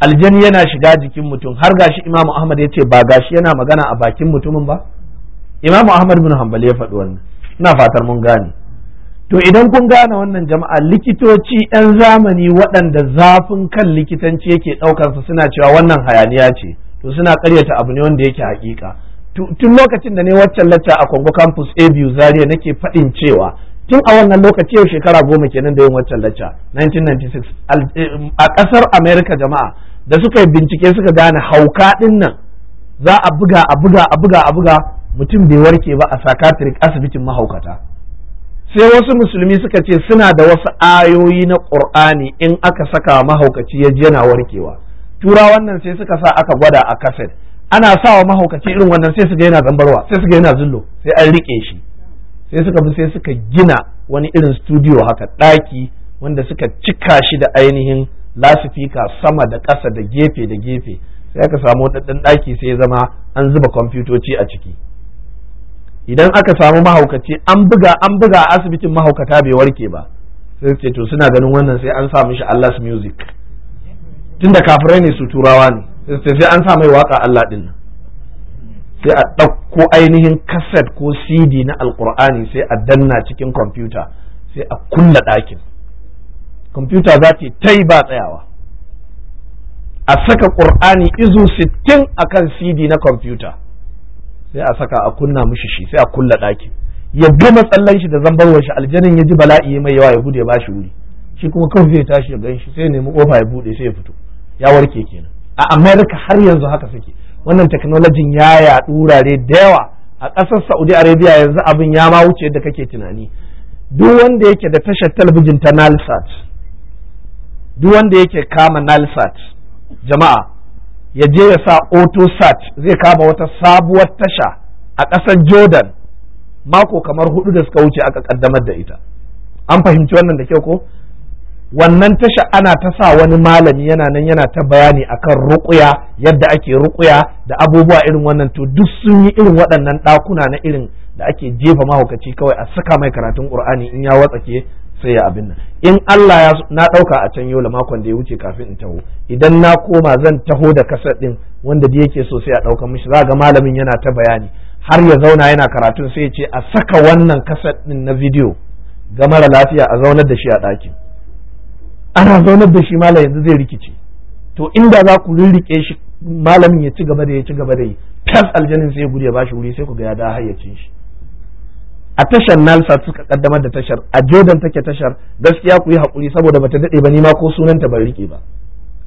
aljani yana shiga jikin mutum har gashi imamu ahmad ya ce ba gashi yana magana a bakin mutumin ba imamu ahmad ibn hanbali ya faɗi wannan ina fatar mun gane to idan kun gane wannan jama'a likitoci 'yan zamani waɗanda zafin kan likitanci yake ɗaukarsa suna cewa wannan hayaniya ce to suna karyata abu ne wanda yake hakika tun lokacin da ne waccan lacca a Kongo campus A biyu Zaria nake faɗin cewa tun a wannan lokaci yau shekara goma kenan da yin waccan lacca 1996 eh, a ƙasar America jama'a da suka yi bincike suka gane hauka ɗin nan za a buga a buga a buga a buga mutum bai warke ba a psychiatric asibitin mahaukata sai wasu musulmi suka ce suna da wasu ayoyi na ƙur'ani in aka saka mahaukaci ya ji yana warkewa turawan nan sai suka sa aka gwada a kaset ana sawa mahaukaci irin wannan sai su ga yana zambarwa sai su ga yana zullo sai an rike shi sai suka bi sai suka gina wani irin studio haka ɗaki wanda suka cika shi da ainihin lasifika sama da ƙasa da gefe da gefe sai aka samu ɗaɗɗan ɗaki sai zama an zuba kwamfutoci a ciki idan aka samu mahaukaci an buga an buga a asibitin mahaukata bai warke ba sai ce to suna ganin wannan sai an sa mishi Allah's music tunda kafirai ne su turawa ne sai an sa mai waka Allah din nan sai a ɗauko ainihin kaset ko cd na alkur'ani sai a danna cikin kwamfuta sai a kunna ɗakin kwamfuta za ta ta yi ba tsayawa a saka ƙur'ani izu sittin a kan cd na kwamfuta sai a saka a kunna mushi shi sai a kulla ɗakin ya gama tsallan shi da zambar shi aljanin ya ji bala'i mai yawa ya gude ba shi wuri shi kuma kawai zai tashi ya gan shi sai nemi kofa ya buɗe sai ya fito ya warke kenan a america har yanzu haka suke wannan teknolojin ya yaɗu wurare da yawa a ƙasar saudi arabia yanzu abin ya ma wuce yadda kake tunani duk wanda yake da tashar talabijin ta nalsat duk wanda yake kama nalsat jama'a ya je ya sa autosat zai kama wata sabuwar tasha a ƙasar jordan mako kamar hudu da suka wuce aka ƙaddamar da ita an fahimci wannan da kyau ko wannan tasha ana ta sa wani malami yana nan yana ta bayani akan rukuya yadda ake ruƙuya da abubuwa irin wannan to duk sun yi irin waɗannan ɗakuna na irin da ake jefa mahaukaci kawai a saka mai karatun ƙur'ani in ya watsake sai ya abin nan in Allah ya na ɗauka a can da makon da ya wuce kafin in taho idan na koma zan taho da kasar ɗin wanda da yake so sai a ɗauka mishi za ga malamin yana ta bayani har ya zauna yana karatun sai ya ce a saka wannan kasar ɗin na bidiyo ga mara lafiya a zaunar da shi a ɗakin ana zaunar da shi malam yanzu zai rikice to inda za ku rirrike shi malamin ya ci gaba da ya ci gaba da yi tas aljanin sai ya gudu ya bashi wuri sai ku ga ya da hayyacin shi a tashar nalsa suka kaddamar da tashar a jordan take tashar gaskiya ku yi hakuri saboda bata daɗe ba ni ma ko sunanta ban rike ba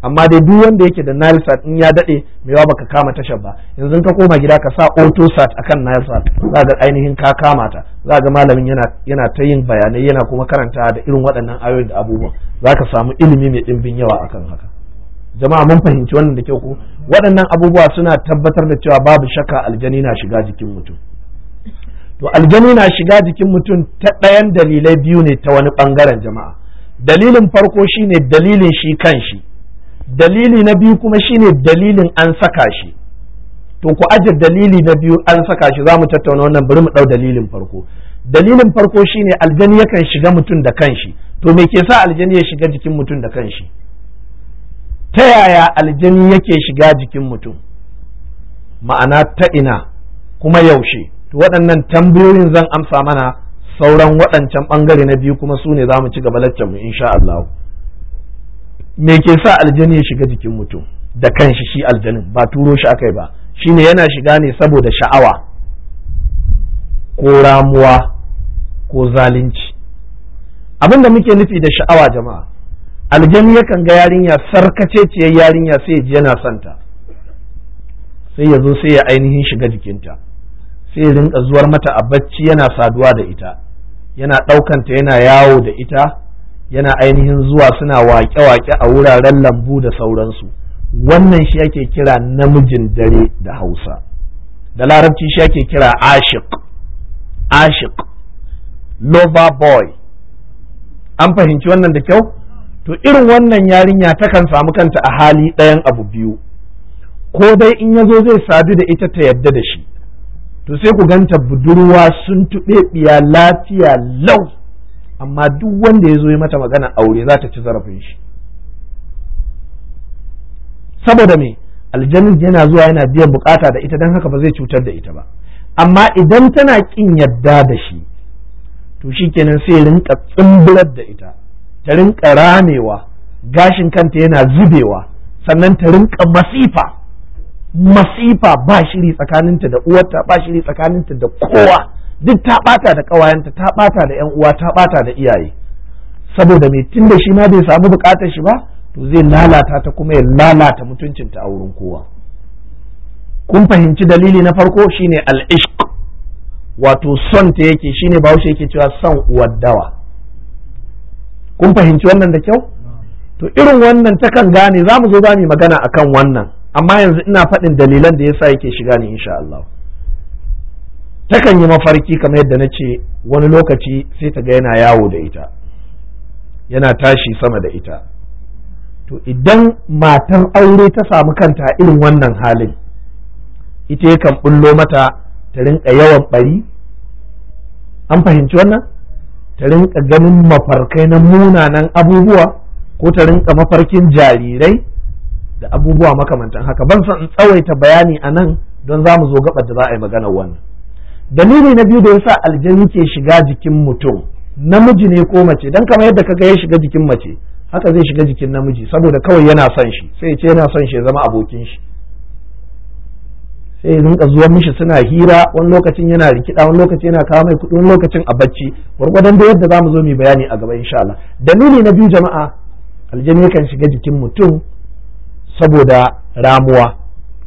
amma dai duk wanda yake da nilesat in ya daɗe, mai yawa baka kama tashar ba yanzu ka koma gida ka sa autosat akan nilesat za ga ainihin ka kama ta za ga malamin yana ta yin bayanai yana kuma karanta da irin waɗannan ayoyi da abubuwan za ka samu ilimi mai ɗimbin yawa akan haka jama'a mun fahimci wannan da kyau ko waɗannan abubuwa suna tabbatar da cewa babu shakka aljani na shiga jikin mutum to aljani na shiga jikin mutum ta ɗayan dalilai biyu ne ta wani ɓangaren jama'a dalilin farko shine dalilin shi kan shi dalili na biyu kuma shine dalilin an saka shi to ku aje dalili na biyu an saka shi za mu tattauna wannan bari mu ɗau dalilin farko dalilin farko shine aljani yakan shiga mutum da kanshi to me ke sa aljani ya shiga jikin mutum da kanshi ta yaya aljani yake shiga jikin mutum ma'ana ta ina kuma yaushe to waɗannan tambayoyin zan amsa mana sauran waɗancan ɓangare na biyu kuma su ne za mu ci gaba laccanmu insha Allah. me ke sa aljani ya shiga jikin mutum da kanshi shi aljanin ba turo shi akai ba shine yana shiga ne saboda sha'awa ko ramuwa ko zalunci abin da muke nufi da sha'awa jama'a aljani yakan ga yarinya sarkaceciyar yarinya sai ya ji yana santa sai ya zo sai ya ainihin shiga jikinta sai ya rinka zuwar mata a bacci yana saduwa da ita yana ɗaukanta yana yawo da ita yana ainihin zuwa suna waƙe-waƙe a wuraren lambu da sauransu wannan shi ake kira namijin dare da hausa da larabci shi ake kira ashik ashik lover boy an fahimci wannan da kyau to irin wannan yarinya takan samu kanta a hali ɗayan abu biyu ko dai in ya zo zai sadu da ita ta yadda da shi to sai ku ganta budurwa sun tuɓe biya lafiya lau amma duk wanda ya zo ya mata magana aure za ta ci zarafin shi saboda me aljanin yana zuwa yana biyan bukata da ita don haka ba zai cutar da ita ba amma idan tana kin yadda da shi to shi kenan sai rinka tsimbirar da ita ta rinka ramewa gashin kanta yana zubewa sannan ta rinka masifa masifa ba shiri tsakaninta da uwarta ba shiri tsakaninta da kowa duk ta bata da ƙawayenta ta bata da yan uwa ta bata da iyaye saboda me tunda shi ma bai samu bukatar shi ba to zai lalata ta kuma ya lalata mutuncinta a wurin kowa kun fahimci dalili na farko shine al-ishq wato son ta yake shine wuce yake cewa son uwar dawa kun fahimci wannan da kyau to irin wannan takan gane za mu zo za mu yi magana akan wannan amma yanzu ina faɗin dalilan da yasa yake shiga ne insha Allah takan yi mafarki kamar yadda na ce wani lokaci sai ta ga yana yawo da ita yana tashi sama da ita to idan matan aure ta samu kanta irin wannan halin ita yakan bullo mata ta rinka yawan bari an fahimci wannan ta rinka ganin mafarkai na munanan abubuwa ko ta rinka mafarkin jarirai da abubuwa makamantan haka ban san tsawaita bayani a nan don za mu zo gabar da za a yi maganar wannan dalili na biyu da yasa aljanu ke shiga jikin mutum namiji ne ko mace dan kamar yadda kaga ya shiga jikin mace haka zai shiga jikin namiji saboda kawai yana son shi sai ce yana son shi ya zama abokin shi sai ya rinka zuwa mishi suna hira wani lokacin yana rikida wani lokacin yana kawo mai kuɗi wani lokacin a bacci gwargwadon da yadda zamu zo mu bayani a gaba insha Allah dalili na biyu jama'a aljanu kan shiga jikin mutum saboda ramuwa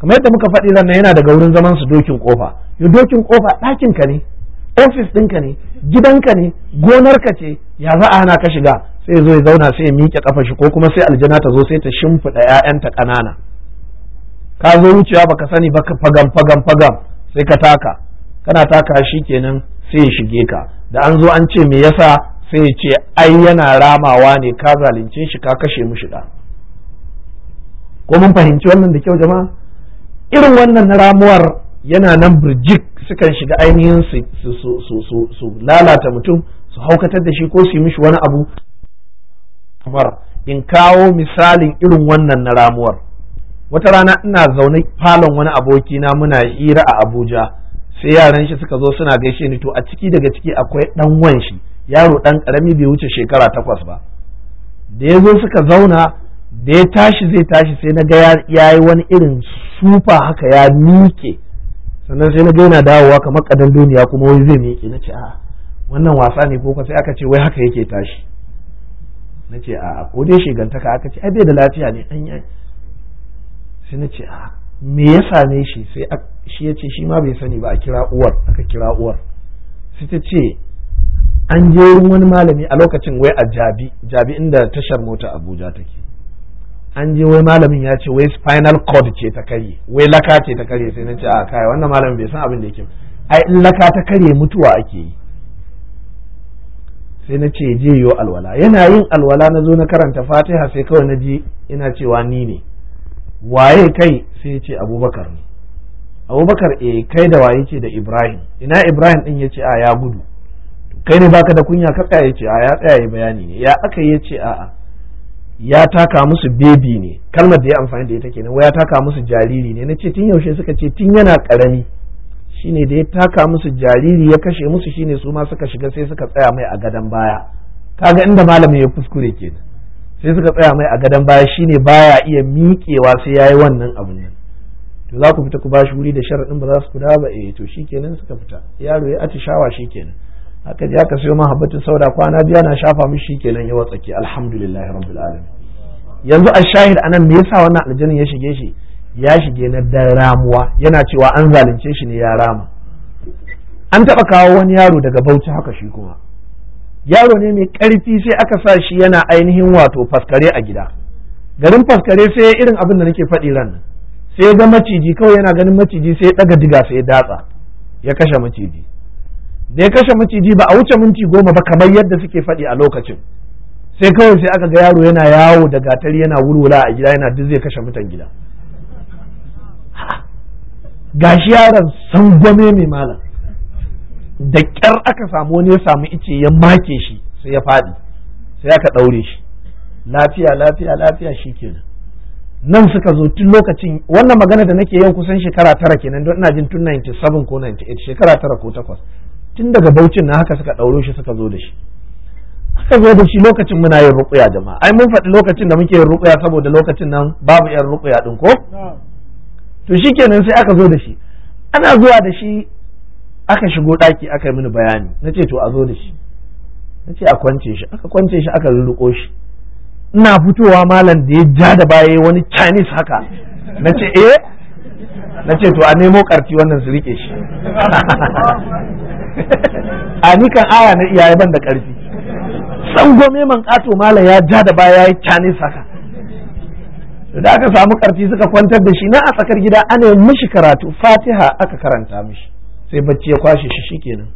kamar yadda muka faɗi zan yana daga wurin zaman su dokin kofa yo dokin kofa ɗakin ka ne ofis ɗinka ne gidanka ne gonarka ce ya za a hana ka shiga sai zo ya zauna sai ya miƙe kafa shi ko kuma sai aljana ta zo sai ta shimfiɗa ƴaƴanta ƙanana ka zo wucewa baka sani ba ka fagam fagam fagam sai ka taka kana taka shi kenan sai ya shige ka da an zo an ce me yasa sai ya ce ai yana ramawa ne ka zalunce shi ka kashe shi da ko mun fahimci wannan da kyau jama'a irin wannan na ramuwar yana nan birjik sukan shiga ainihin su lalata mutum su haukatar da shi ko su yi mishi wani abu kamar in kawo misalin irin wannan na ramuwar wata rana ina zaune falon wani abokina muna hira a abuja sai yaran shi suka zo suna gaishe ni to a ciki daga ciki akwai dan wan shi yaro dan karami bai wuce shekara takwas ba da ya zo suka zauna da ya tashi zai tashi sai na ga ya yi wani irin sufa haka ya miƙe sannan sai na ga yana dawowa kamar kadan duniya kuma wai zai miƙe na ce a wannan wasa ne ko sai aka ce wai haka yake tashi na ce a ko dai shigantaka aka ce ai bai da lafiya ne an yi sai na ce a me ya same shi sai shi ya ce shi ma bai sani ba a kira uwar aka kira uwar sai ta ce an je wani malami a lokacin wai a jabi jabi inda tashar mota abuja take an je wai malamin ya ce wai spinal cord ce ta karye wai laka ce ta karye sai na ce a kai wannan malamin bai san abin da yake ai in laka ta karye mutuwa ake yi sai na ce je yo alwala yana yin alwala na zo na karanta fatiha sai kawai na je ina cewa ni ne waye kai sai ya ce abubakar ne abubakar eh kai da waye ce da ibrahim ina ibrahim din ya ce a ya gudu kai ne baka da kunya ka tsaya ya ce a ya tsaya yi bayani ne ya aka ya ce a'a ya taka musu bebi ne kalmar da ya amfani da ita kenan wa ya taka musu jariri ne na ce tun yaushe suka ce tun yana karami shine da ya taka musu jariri ya kashe musu shine su ma suka shiga sai suka tsaya mai a gadon baya kaga inda malamin ya kuskure ke sai suka tsaya mai a gadon baya shine baya iya miƙewa sai yayi wannan abu ne to za ku fita ku bashi wuri da sharaɗin ba za su kuda ba eh to shikenan suka fita yaro ya atishawa shikenan haka je aka siyo mahabbatin sauda kwana biya na shafa mishi kenan ya watsake alhamdulillah rabbil alamin yanzu a shahid anan me yasa wannan aljanin ya shige shi ya shige na dan ramuwa yana cewa an zalunce shi ne ya rama an taba kawo wani yaro daga Bauchi haka shi kuma yaro ne mai karfi sai aka sa shi yana ainihin wato faskare a gida garin faskare sai irin abin da nake faɗi ran sai ga maciji kawai yana ganin maciji sai ya daga diga sai ya datsa ya kashe maciji da ya kashe maciji ba a wuce minti goma ba kamar yadda suke faɗi a lokacin sai kawai sai aka ga yaro yana yawo da gatari yana wulwula a gida yana duk zai kashe mutan gida gashi yaron sangwame mai malam da ƙyar aka samu wani ya samu ice ya make shi sai ya faɗi sai aka ɗaure shi lafiya lafiya lafiya shi kenan nan suka zo tun lokacin wannan magana da nake yau kusan shekara tara kenan don ina jin tun 97 ko 98 shekara tara ko takwas tun daga baucin na haka suka ɗauro shi suka zo da shi aka zo da shi lokacin muna yin rukuya jama'a ai mun faɗi lokacin da muke yin rukuya saboda lokacin nan babu yan rukuya ɗin ko to shikenan sai aka zo da shi ana zuwa da shi aka shigo ɗaki aka yi mini bayani na ce to a zo da shi na ce a kwance shi aka kwance shi aka lulluƙo shi ina fitowa malam da ya ja da baya wani chinese haka na ce eh na ce to a nemo karti wannan su rike shi *laughs* a ni kan aya na iyaye ban da karfi tsangome man kato mala ya ja da baya ya cane saka da aka samu karfi suka kwantar da shi na a tsakar gida ana yin mishi karatu fatiha aka karanta mishi sai bacci ya kwashe shi shikenan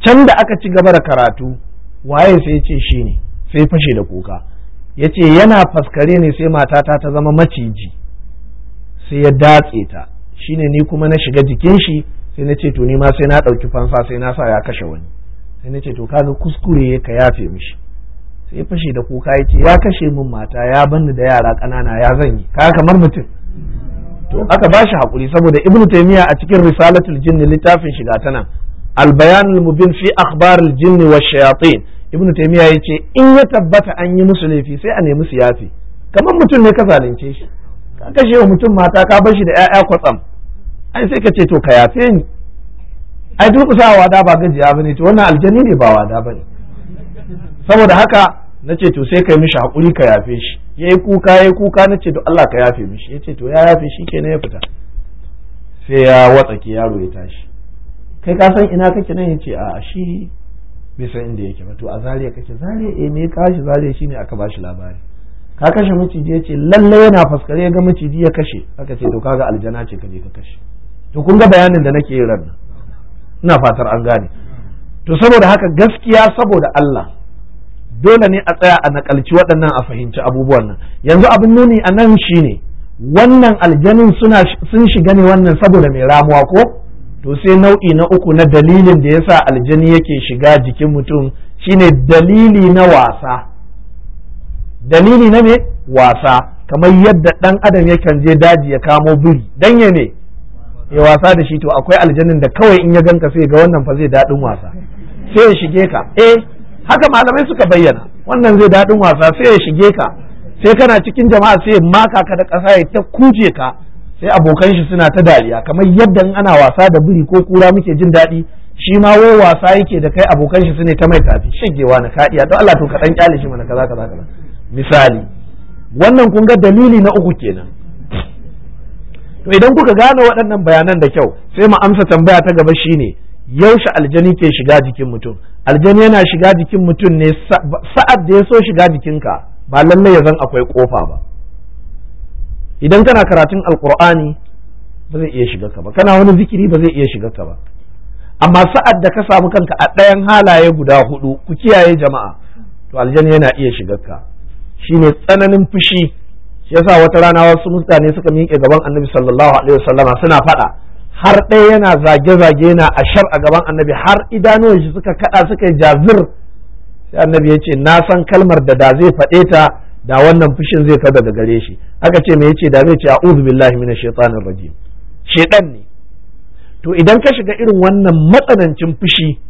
can da aka ci gaba da karatu waye sai ya ce shi ne sai fashe da kuka ya ce yana faskare ne sai matata ta zama maciji sai ya datse ta shine ni kuma na shiga jikin shi sai na ce to ni ma sai na ɗauki fansa sai na sa ya kashe wani sai na ce to kaga kuskure ya ka yafe mishi sai fashe da kuka ya ce ya kashe min mata ya banni da yara ƙanana ya zan yi kaga kamar mutum to aka ba shi haƙuri saboda ibnu taymiya a cikin risalatul jinni littafin shiga ta nan bayanul mubin fi akhbaril jinni wa shayatin ibnu taymiya ya ce in ya tabbata an yi musu laifi sai a nemi su yafe kamar mutum ne ka zalunce shi ka kashe wa mutum mata ka bar shi da 'ya'ya kwatsam ai sai ka ce to ka yafe ni ai duk sa wada ba gajiya bane to wannan aljani ne ba wada bane saboda haka na ce to sai kai mishi hakuri ka yafe shi yayi yi kuka ya yi kuka na to Allah ka yafe mishi ya to ya yafe shi kenan ya fita sai ya watsa ki yaro ya tashi kai ka san ina kake nan ya a shi bai san inda yake ba to a zariya kake zariya eh me ka shi zariya shine aka ba shi labari ka kashe maciji ya ce lallai yana faskare ya ga maciji ya kashe aka ce to kaga aljana ce ka je ka kashe to kun ga bayanin da nake ran ina fatar an gane to saboda haka gaskiya saboda Allah dole ne a tsaya a nakalci waɗannan a fahimci abubuwan nan yanzu abin nuni a nan shine wannan aljanin suna sun shiga ne wannan saboda mai ramuwa ko to sai nau'i na uku na dalilin da yasa aljani yake shiga jikin mutum shine dalili na wasa dalili na me wasa kamar yadda ɗan adam yakan je daji ya kamo biri dan ya ne ya wasa da shi to akwai aljannin da kawai in ya ganka sai ga wannan fa zai daɗin wasa sai ya shige ka eh haka malamai suka bayyana wannan zai daɗin wasa sai ya shige ka sai kana cikin jama'a sai ya maka ka da ƙasa ya ta kuje ka sai abokan shi suna ta dariya kamar yadda in ana wasa da biri ko kura muke jin daɗi shi ma wai wasa yake da kai abokan shi sune ta mai tafi shigewa na kaɗiya don Allah to ka dan kyale shi mana kaza kaza kaza misali wannan kun ga dalili na uku kenan to idan kuka gane waɗannan bayanan da kyau sai mu amsa tambaya ta gaba shine yaushe aljani ke shiga jikin mutum aljani yana shiga jikin mutum ne sa'ad da ya so shiga jikinka ba lallai ya zan akwai kofa ba idan kana karatun alkur'ani ba zai iya shiga ka ba kana wani zikiri ba zai iya shiga ka ba amma sa'ad da ka samu kanka a ɗayan halaye guda hudu ku kiyaye jama'a to aljani yana iya shigar ka shine tsananin fushi shi yasa wata rana wasu mutane suka miƙe gaban annabi sallallahu alaihi wasallama suna faɗa har ɗaya yana zage-zage na ashar a gaban annabi har idanuwan shi suka kaɗa suka yi jazir sai annabi ya ce na san kalmar da da zai faɗe ta da wannan fushin zai ka daga gare shi aka ce me ce da zai ce a'udhu billahi minash shaitanir rajim shedan ne to idan ka shiga irin wannan matsanancin fushi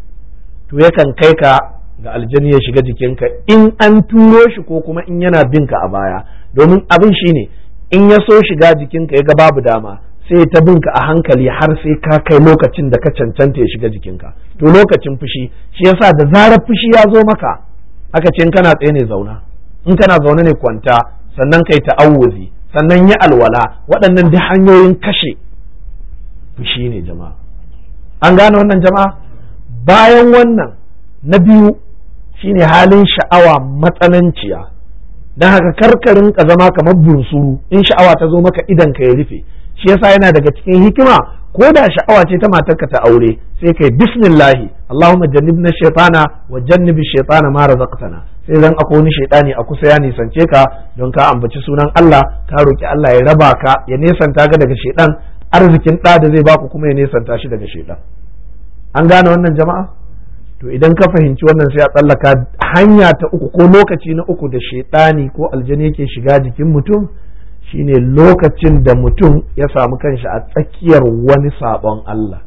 to yakan kai ka ga aljani ya shiga jikinka in an turo shi ko kuma in yana binka a baya domin abin shi ne in ya so shiga jikinka ya ga babu dama sai ta binka a hankali har sai ka kai lokacin da ka cancanta ya shiga jikinka to lokacin fushi shi yasa da zarar fushi ya zo maka aka ce in kana tsaye ne zauna in kana zaune ne kwanta sannan kai ta'awuzi sannan yi alwala waɗannan da hanyoyin kashe fushi ne jama'a an gane wannan jama'a bayan wannan na biyu shine halin sha'awa matsananciya don haka karkarin ka zama kamar bursuru in sha'awa ta zo maka idan ka ya rufe shi yasa yana daga cikin hikima ko da sha'awa ce ta matarka ta aure sai kai bismillahi allahumma jannibna shaytana wa jannibi shaytana ma razaqtana sai zan akwai wani shaytani a kusa ya nisance ka don ka ambaci sunan Allah ka roki Allah ya raba ka ya nesanta ka daga shaytan arzikin ɗa da zai baku kuma ya nesanta shi daga shaytan an gane wannan jama'a to idan ka fahimci wannan sai a tsallaka hanya ta uku ko lokaci na uku da shaidani ko aljani yake shiga jikin mutum shine lokacin da mutum ya samu kanshi a tsakiyar wani sabon Allah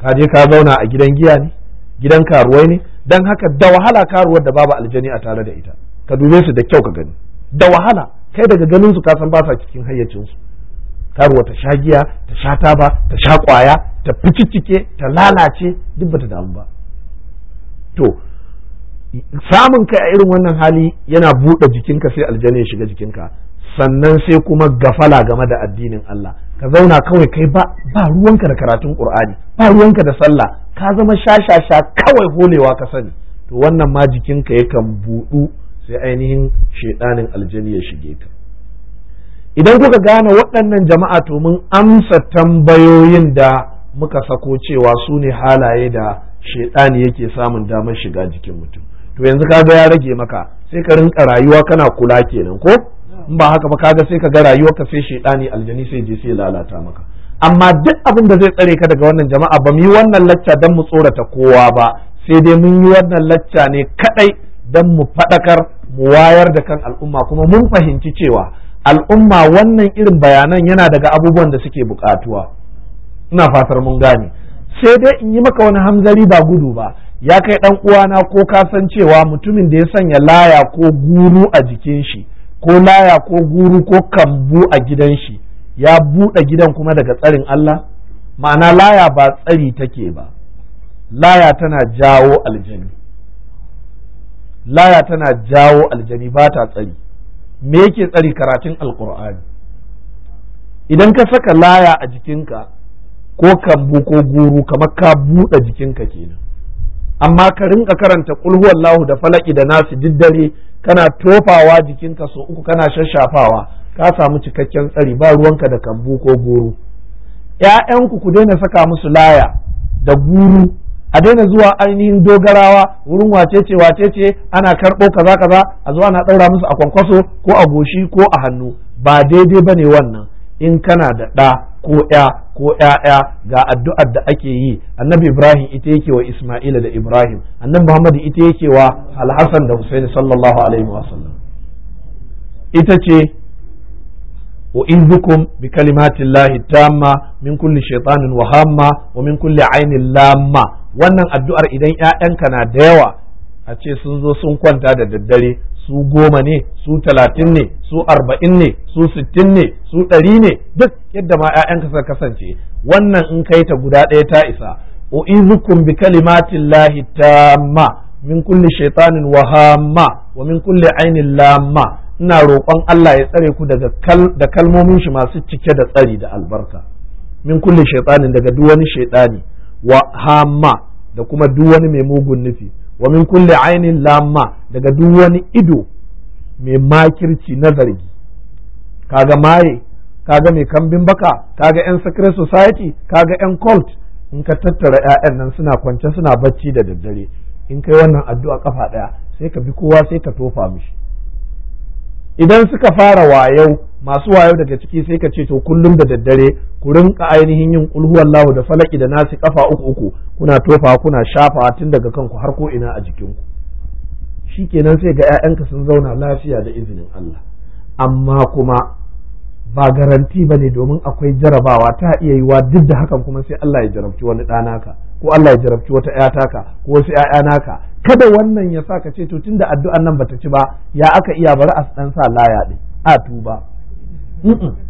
ka je ka zauna a gidan giya ne gidan karuwai ne don haka da wahala karuwar da babu aljani a tare da ita ka dube su da kyau ka gani da wahala kai daga ganin su ka ba sa cikin hayyacinsu karuwa ta sha giya ta sha taba ta sha kwaya ta ficicike ta lalace duk bata damu ba to samun kai a irin wannan hali yana buɗe jikinka sai aljanna ya shiga jikinka sannan sai kuma gafala game da addinin Allah ka zauna kawai kai ba ba ruwanka da karatun Qur'ani ba ruwanka da sallah ka zama shashasha kawai holewa ka sani to wannan ma jikinka yakan buɗu sai ainihin shaiɗanin aljani ya shige ka idan kuka gane waɗannan jama'a to mun amsa tambayoyin da muka sako cewa su ne halaye da shaidani yake samun damar shiga jikin mutum to yanzu kaga ya rage maka sai ka rinka rayuwa kana kula kenan ko in ba haka ba kaga sai ka ga ka sai shaidani aljani sai je sai lalata maka amma duk abin da zai tsare ka daga wannan jama'a ba mu yi wannan lacca don mu tsorata kowa ba sai dai mun yi wannan lacca ne kaɗai don mu faɗakar mu wayar da kan al'umma kuma mun fahimci cewa al'umma wannan irin bayanan yana daga abubuwan da suke buƙatuwa ina fatar mun gane sai dai in yi maka wani hamzari ba gudu ba ya kai ɗan uwana ko ka san cewa mutumin da ya sanya laya ko guru a jikin shi ko laya ko guru ko kambu a gidan shi ya buɗe gidan kuma daga tsarin Allah ma'ana laya ba tsari take ba laya tana jawo aljani laya tana jawo aljani ba ta tsari me yake tsari karatun alkur'ani idan ka saka laya a jikinka ko kambu ko guru kamar ka buɗe jikinka kenan amma ka rinka karanta lahu da falaki da nasu duk dare kana tofawa jikinka so uku kana shashafawa ka samu cikakken tsari ba ruwanka da kambu ko guru ‘ya'yanku ku daina saka musu laya da guru a daina zuwa ainihin dogarawa wurin wacece wacece ana karɓo kaza kaza a zuwa ana ɗaura musu a kwankwaso ko a goshi ko a hannu ba daidai ba ne wannan in kana da ɗa ko ya ko ya'ya ga addu'ar da ake yi annabi ibrahim ita yake wa isma'ila da ibrahim annabi muhammad ita yake wa alhassan da husaini sallallahu alaihi wa sallam. ita ce wa وإذكم بكلمات الله التامة من كل شيطان wa min kulli ainin lamma wannan addu'ar idan ‘ya'yanka na da yawa a ce sun zo sun kwanta da daddare su goma ne su talatin ne su arba'in ne su sittin ne su ɗari ne duk yadda ma ‘ya'yanka suka kasance wannan in kai ta guda ɗaya ta isa O u'izukum bi kalimatin lahi tamma min kulli shaitanin wahamma wa min kulli ainin lamma ina roƙon Allah ya tsare ku da kalmomin shi masu cike da tsari da albarka min kulli shaitanin daga duk wani shaitani wa hamma da kuma duk wani mai mugun nufi wa min kulli ainin lamma daga duk wani ido mai makirci na zargi kaga maye kaga mai kambin baka kaga yan secret society kaga yan cult in ka tattara 'ya'yan nan suna kwance suna bacci da daddare in kai wannan addu'a kafa ɗaya sai ka bi kowa sai ka tofa mishi idan suka fara wayau masu wayo daga ciki sai ka ce to kullum da daddare ku rinka ainihin yin kulhuwallahu da falaki da nasi kafa uku uku kuna tofa kuna shafa tun daga kanku har ko ina a jikinku kenan sai ga 'ya'yanka sun zauna lafiya da izinin Allah amma kuma ba garanti ba ne domin akwai jarabawa ta iya yiwa duk da hakan kuma sai Allah ya jarabci wani ɗana naka ko Allah ya jarabci wata ƴa ka, ko wasu ƴaƴa naka kada wannan ya sa ka ce to tunda addu'an nan bata ci ba ya aka iya bari a dan sa laya ɗin a tuba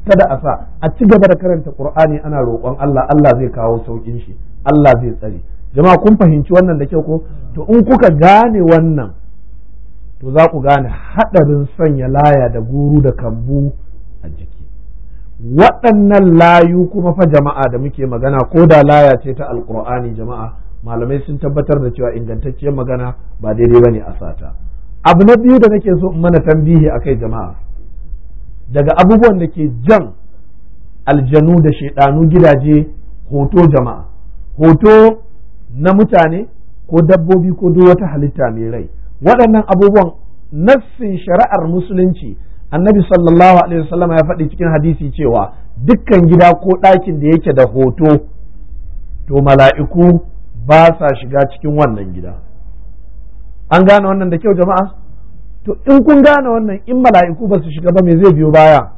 kada a sa a ci gaba da karanta qur'ani ana roƙon Allah Allah zai kawo saukin shi Allah zai tsare jama'a kun fahimci wannan da kyau ko to in kuka gane wannan to za ku gane hadarin sanya laya da guru da kambu a jiki waɗannan layu kuma fa jama'a da muke magana ko da laya ce ta alqur'ani jama'a malamai sun tabbatar da cewa ingantacciyar magana ba daidai bane a sata abu na biyu da nake so in mana tambihi akai jama'a daga abubuwan da ke jan aljanu da shaidanu gidaje hoto jama'a hoto na mutane ko dabbobi ko duk wata halitta mai rai waɗannan abubuwan nassin shari'ar musulunci annabi sallallahu alaihi wasallam ya faɗi cikin hadisi cewa dukkan gida ko ɗakin da yake da hoto to mala'iku ba sa shiga cikin wannan gida an gane wannan da kyau jama'a to in kun gane wannan in mala'iku ba su shiga ba me zai biyo baya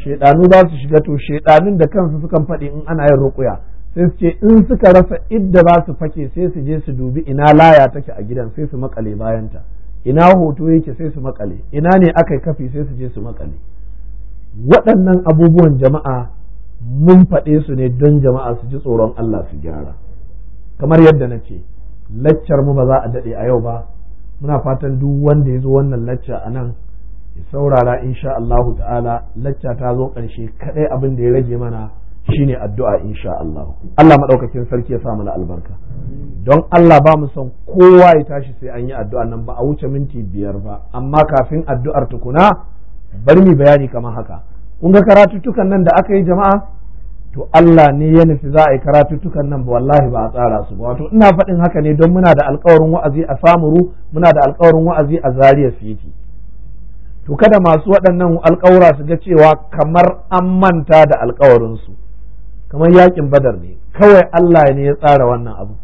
shaidanu ba su shiga to shaidanun da kansu sukan faɗi in ana yin rukuya. sai su ce in suka rasa idda za su fake sai su je su dubi ina laya take a gidan sai su makale bayanta ina hoto yake sai su makale ina ne aka kafi sai su je su makale waɗannan abubuwan jama'a mun faɗe su ne don jama'a su ji tsoron Allah su gyara kamar yadda na ce laccar mu ba za a daɗe a yau ba muna fatan duk wanda ya zo wannan lacca a nan ya saurara insha Allah ta'ala lacca ta zo ƙarshe kaɗai abin da ya rage mana shine addu'a insha Allah Allah maɗaukakin sarki ya sa mana albarka don Allah ba mu son kowa ya tashi sai an yi addu'a nan ba a wuce minti biyar ba amma kafin addu'ar tukuna bari mu bayani kamar haka kun ga karatuttukan nan da aka yi jama'a to Allah ne ya nufi za a yi karatuttukan nan ba wallahi ba a tsara su ba wato ina faɗin haka ne don muna da alƙawarin wa'azi a samuru muna da alƙawarin wa'azi a zariya fiti to kada masu waɗannan alƙawura su ga cewa kamar an manta da alƙawarin su kamar yakin badar ne kawai Allah ne ya tsara wannan abu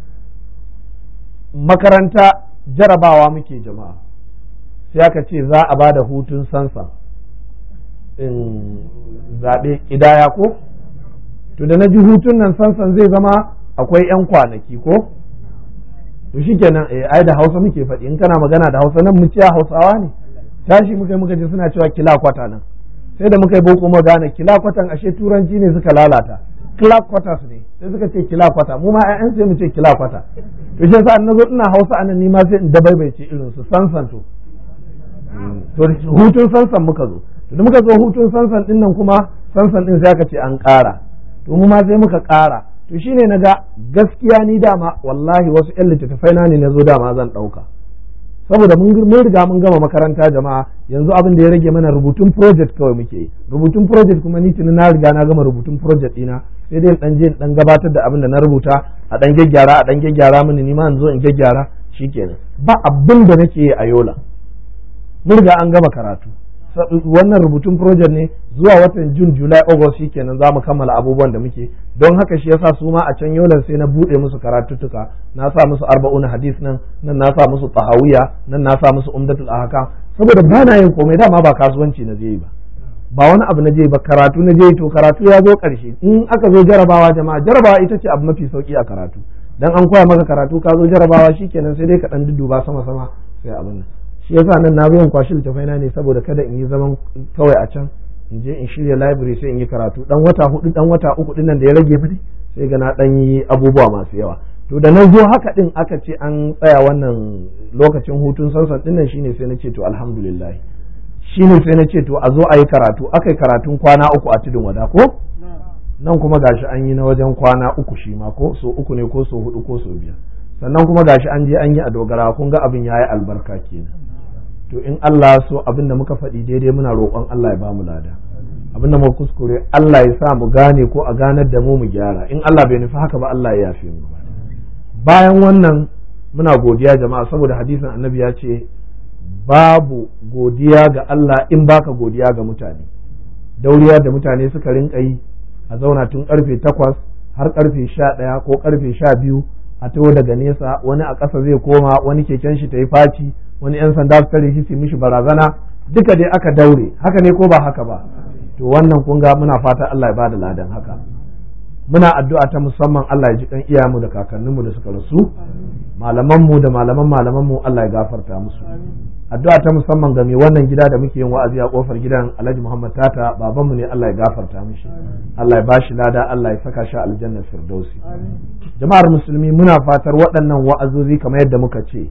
makaranta jarabawa muke jama'a sai aka ce za a bada da hutun sansa zaɓe ƙidaya ko to da na ji hutun nan sansan zai zama akwai yan kwanaki ko to shikenan eh ai da Hausa muke faɗi in kana magana da Hausa nan mu ce Hausawa ne tashi muka yi muka ji suna cewa kila kwata nan sai da muka yi boko mu gane kila kwatan ashe turanci ne suka lalata kila kwatas ne sai suka ce kila kwata mu ma ƴaƴan sai mu ce kila kwata to shi yasa nazo ina Hausa anan ni ma sai in dabaibace irin su sansan to hmm. to hutun sansan muka zo to da muka zo hutun sansan din nan kuma sansan din sai aka ce an ƙara to mu ma sai muka ƙara to shine na ga gaskiya ni dama wallahi wasu yan littattafai na ne na zo dama zan ɗauka saboda mun riga mun gama makaranta jama'a yanzu abin da ya rage mana rubutun project kawai muke yi rubutun project kuma ni tuni na riga na gama rubutun project ɗina sai dai dan je dan gabatar da abin da na rubuta a dan gyaggyara a dan gyaggyara mini ni ma in zo in gyaggyara shikenan ba abin da nake yi a yola mun riga an gama karatu wannan rubutun project ne zuwa watan jun July August shikenan za mu kammala abubuwan da muke don haka shi yasa su ma a can yolan sai na bude musu karatuttuka na sa musu arba'un hadis nan nan na sa musu tahawiya nan na sa musu umdatul ahkam saboda ba na yin komai dama ba kasuwanci na je ba ba wani abu na je ba karatu na je to karatu ya zo karshe in aka zo jarabawa jama'a jarabawa ita ce abu mafi sauki a karatu dan an koya maka karatu ka zo jarabawa shikenan sai dai ka dan duduba sama sama sai abin nan shi yasa nan na zo in kwashi littafai na ne saboda kada in yi zaman kawai a can in je in shirya library sai in yi karatu dan wata hudu dan wata uku din nan da ya rage mini sai ga na dan yi abubuwa masu yawa to da na zo haka din aka ce an tsaya wannan lokacin hutun sansan din nan shine sai na ce to alhamdulillah shine sai na ce to a zo a yi karatu aka yi karatun kwana uku a tudun wada ko nan kuma gashi an yi na wajen kwana uku shi ma ko so uku ne ko so hudu ko so biyar sannan kuma gashi an je an yi a dogara kun ga abin yayi albarka kenan to in Allah so abinda muka faɗi daidai muna roƙon Allah ya bamu lada abinda muka kuskure Allah ya sa mu gane ko a ganar da mu mu gyara in Allah bai nufi haka ba Allah ya yafe mu bayan wannan muna godiya jama'a saboda hadisin annabi ya ce babu godiya ga Allah in baka godiya ga mutane dauriya da mutane suka rinka yi a zauna tun karfe takwas har karfe sha ɗaya ko karfe sha biyu a taho daga nesa wani a ƙasa zai koma wani keken shi ta yi faci wani 'yan sanda su tare shi su mishi barazana duka dai aka daure haka ne ko ba haka ba to wannan kun ga muna fata Allah ya ba da ladan haka muna addu'a ta musamman Allah ya ji kan iyayenmu da kakanninmu da suka rasu malamanmu da malaman malamanmu Allah ya gafarta musu addu'a ta musamman ga mai wannan gida da muke yin wa'azi a kofar gidan Alhaji Muhammad Tata babanmu ne Allah ya gafarta mishi Allah ya bashi lada Allah ya saka shi aljannar firdausi jama'ar musulmi muna fatar waɗannan wa'azuzi kamar yadda muka ce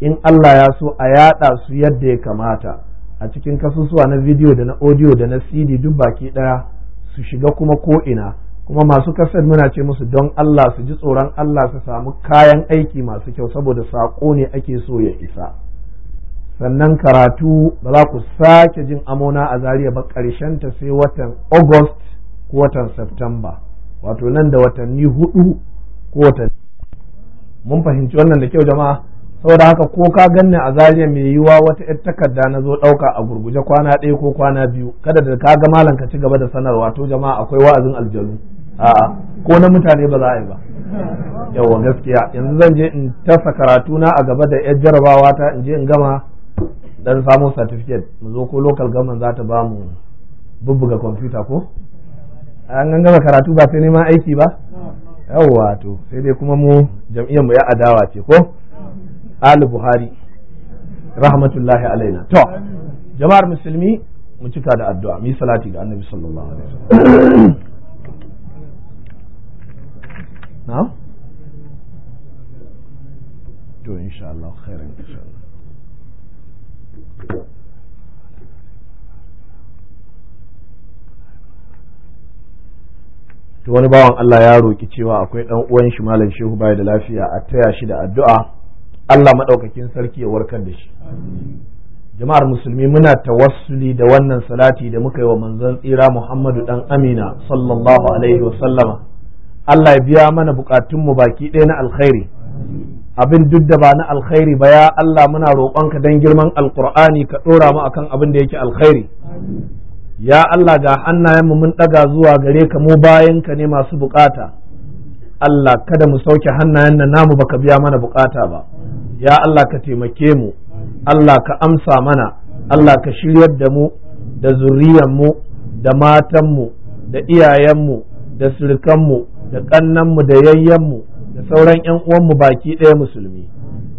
in Allah ya so a yaɗa su yadda ya kamata a cikin kasusuwa na bidiyo da na audio da na cd duk baki ɗaya su shiga kuma ko ina kuma masu kasar muna ce musu don Allah su ji tsoron Allah su samu kayan aiki masu kyau saboda saƙo ne ake so ya isa sannan karatu ba za ku sake jin amona a zariya ba ƙarshen ta sai watan august ko watan september wato nan da watanni hudu ko watanni mun fahimci wannan da kyau jama'a saboda haka ko ka ganni a zariya mai yiwuwa wata yar takarda na zo ɗauka a gurguje kwana ɗaya ko kwana biyu kada da ka ga malam ka ci gaba da sanarwa to jama'a akwai wa'azin aljanu a'a ko na mutane ba za a yi ba yawa gaskiya yanzu zan je in tasa karatuna a gaba da yar jarabawa ta in je in gama dan samu certificate mu zo ko lokal government za ta ba mu bubbuga kwamfuta ko an gama karatu ba sai neman aiki ba yawwa to sai dai kuma mu jam'iyyar mu ya adawa ce ko Ali Buhari rahmatullahi alaina to jama'ar musulmi mu cika da addu'a mu salati ga Annabi sallallahu alaihi wasallam na to insha Allah khairin insha to wani bawan Allah ya roki cewa akwai ɗan uwan shi malam Shehu bai da lafiya a taya shi da addu'a Allah madaukakin sarki ya warkar da shi jama'ar musulmi muna tawassuli da wannan salati da muka yi wa manzon tsira Muhammadu dan Amina sallallahu alaihi wa Allah ya biya mana bukatun mu baki ɗaya na alkhairi abin duk da ba na alkhairi ba ya Allah muna roƙonka dan girman alkur'ani ka ɗora mu akan abin da yake alkhairi ya Allah ga hannayenmu mun ɗaga zuwa gare ka mu bayan ka ne masu bukata Allah kada mu sauke hannayen nan namu baka biya mana bukata ba ya Allah ka taimake mu Allah ka amsa mana Allah ka shiryar da mu da mu, da matanmu da iyayenmu da surukanmu da ƙannanmu da yayyenmu da sauran 'yan uwanmu baki ɗaya musulmi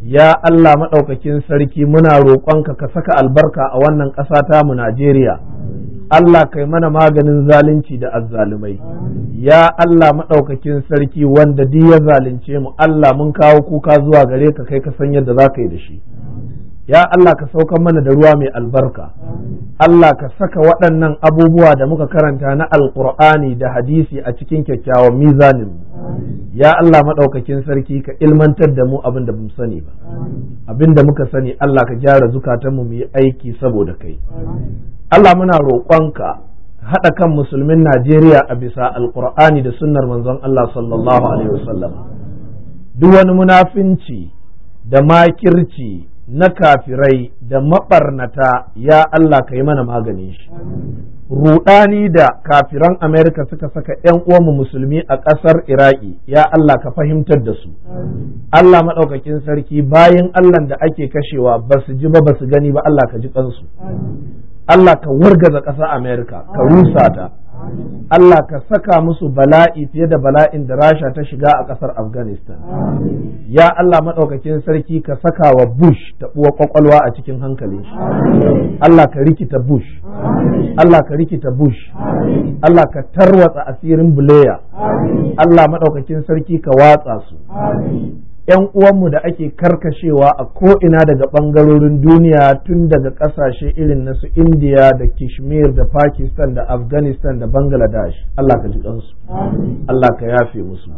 ya Allah maɗaukakin sarki muna roƙonka ka saka albarka a wannan ƙasa tamu Najeriya Allah kai mana maganin zalunci da azzalumai ya Allah maɗaukakin sarki wanda duk ya zalunce mu Allah mun kawo kuka zuwa gare ka kai ka san yadda za ka yi da shi ya Allah ka saukan mana da ruwa mai albarka Allah ka saka waɗannan abubuwa da muka karanta na alƙur'ani da hadisi a cikin kyakkyawan mizanin ya Allah maɗaukakin sarki ka ilmantar da mu abin da mu sani ba abin da muka sani Allah ka gyara zukatanmu mu yi aiki saboda kai Allah muna roƙonka haɗa kan musulmin Najeriya a bisa alƙur'ani da sunnar manzon Allah sallallahu alaihi wasallam duk wani munafinci da makirci na kafirai da maɓarnata ya Allah ka yi mana maganin shi ruɗani da kafiran Amerika suka saka 'yan uwanmu musulmi a ƙasar Iraki ya Allah ka fahimtar da su Allah maɗaukakin sarki bayan Allah da ake kashewa ba su ji ba ba su gani ba Allah ka ji kansu Allah ka wargaza ƙasar Amerika ka rusa ta Allah ka saka musu bala'i fiye da bala'in da Rasha ta shiga a ƙasar Afghanistan ya Allah maɗaukakin sarki ka saka wa Bush taɓuwa ƙwaƙwalwa a cikin hankalin shi Allah ka rikita Bush Allah ka rikita Bush Allah ka tarwatsa asirin Blair Allah maɗaukakin sarki ka watsa su 'yan uwanmu da ake karkashewa a ko'ina daga ɓangarorin duniya tun daga ƙasashe irin nasu indiya da kishmir da pakistan da afghanistan da bangladesh allah ka ji ɗansu allah ka yafe musu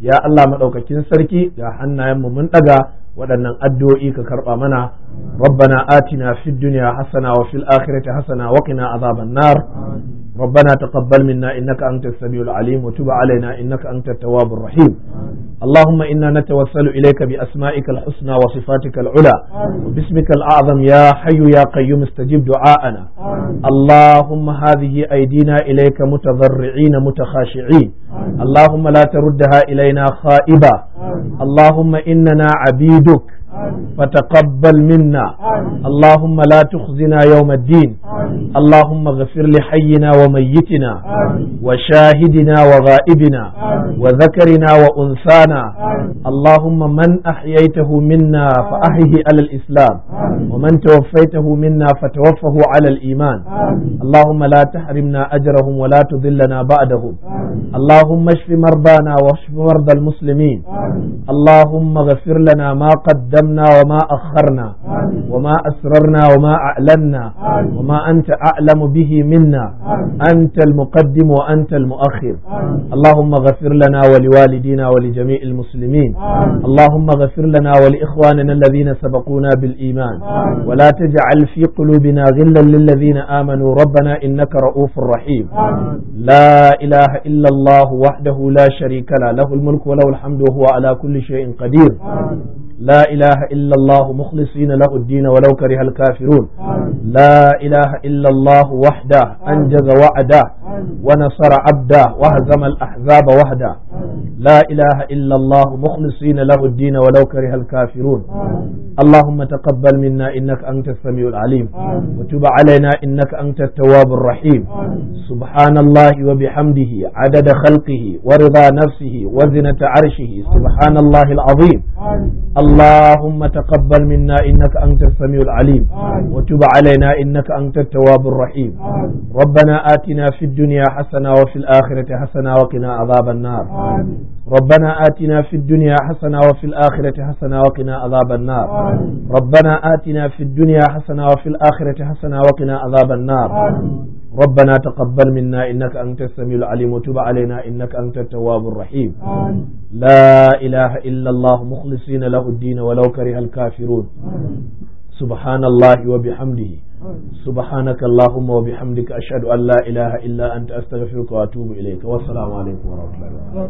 ya allah maɗaukakin sarki ga hannayenmu mun ɗaga waɗannan addu'o'i ka karɓa mana rabbana atina fid duniya hasana wa fil akhirati hasana wa qina azaban nar ربنا تقبل منا إنك أنت السميع العليم وتب علينا إنك أنت التواب الرحيم اللهم إنا نتوسل إليك بأسمائك الحسنى وصفاتك العلى باسمك الأعظم يا حي يا قيوم استجب دعاءنا اللهم هذه أيدينا إليك متضرعين متخاشعين اللهم لا تردها إلينا خائبة اللهم إننا عبيدك وتقبل منا آمين. اللهم لا تخزنا يوم الدين آمين. اللهم اغفر لحينا وميتنا آمين. وشاهدنا وغائبنا وذكرنا وأنثانا اللهم من أحييته منا فأحيه على الإسلام ومن توفيته منا فتوفه على الإيمان اللهم لا تحرمنا أجرهم ولا تذلنا بعدهم اللهم اشف مرضانا واشف مرضى المسلمين اللهم اغفر لنا ما قدمنا وما وما أخرنا وما أسررنا وما أعلنا وما أنت أعلم به منا أنت المقدم وأنت المؤخر اللهم غفر لنا ولوالدينا ولجميع المسلمين اللهم غفر لنا ولإخواننا الذين سبقونا بالإيمان ولا تجعل في قلوبنا غلا للذين آمنوا ربنا إنك رؤوف رحيم لا إله إلا الله وحده لا شريك له له الملك وله الحمد وهو على كل شيء قدير لا إله إلا الله مخلصين له الدين ولو كره الكافرون لا إله إلا الله وحده أنجز وعده ونصر عبده وهزم الأحزاب وحده لا إله إلا الله مخلصين له الدين ولو كره الكافرون اللهم تقبل منا إنك أنت السميع العليم وتب علينا إنك أنت التواب الرحيم سبحان الله وبحمده عدد خلقه ورضا نفسه وزنة عرشه سبحان الله العظيم اللهم تقبل منا إنك أنت السميع العليم وتب علينا إنك أنت التواب الرحيم ربنا آتنا في الدنيا حسنة وفي الآخرة حسنة وقنا عذاب النار ربنا آتنا في الدنيا حسنة وفي الآخرة حسنة وقنا عذاب النار ربنا آتنا في الدنيا حسنة وفي الآخرة حسنة وقنا عذاب النار ربنا تقبل منا إنك أنت السميع العليم وتب علينا إنك أنت التواب الرحيم آمين. لا إله إلا الله مخلصين له الدين ولو كره الكافرون آمين. سبحان الله وبحمده آمين. سبحانك اللهم وبحمدك أشهد أن لا إله إلا أنت أستغفرك وأتوب إليك والسلام عليكم ورحمة الله وبركاته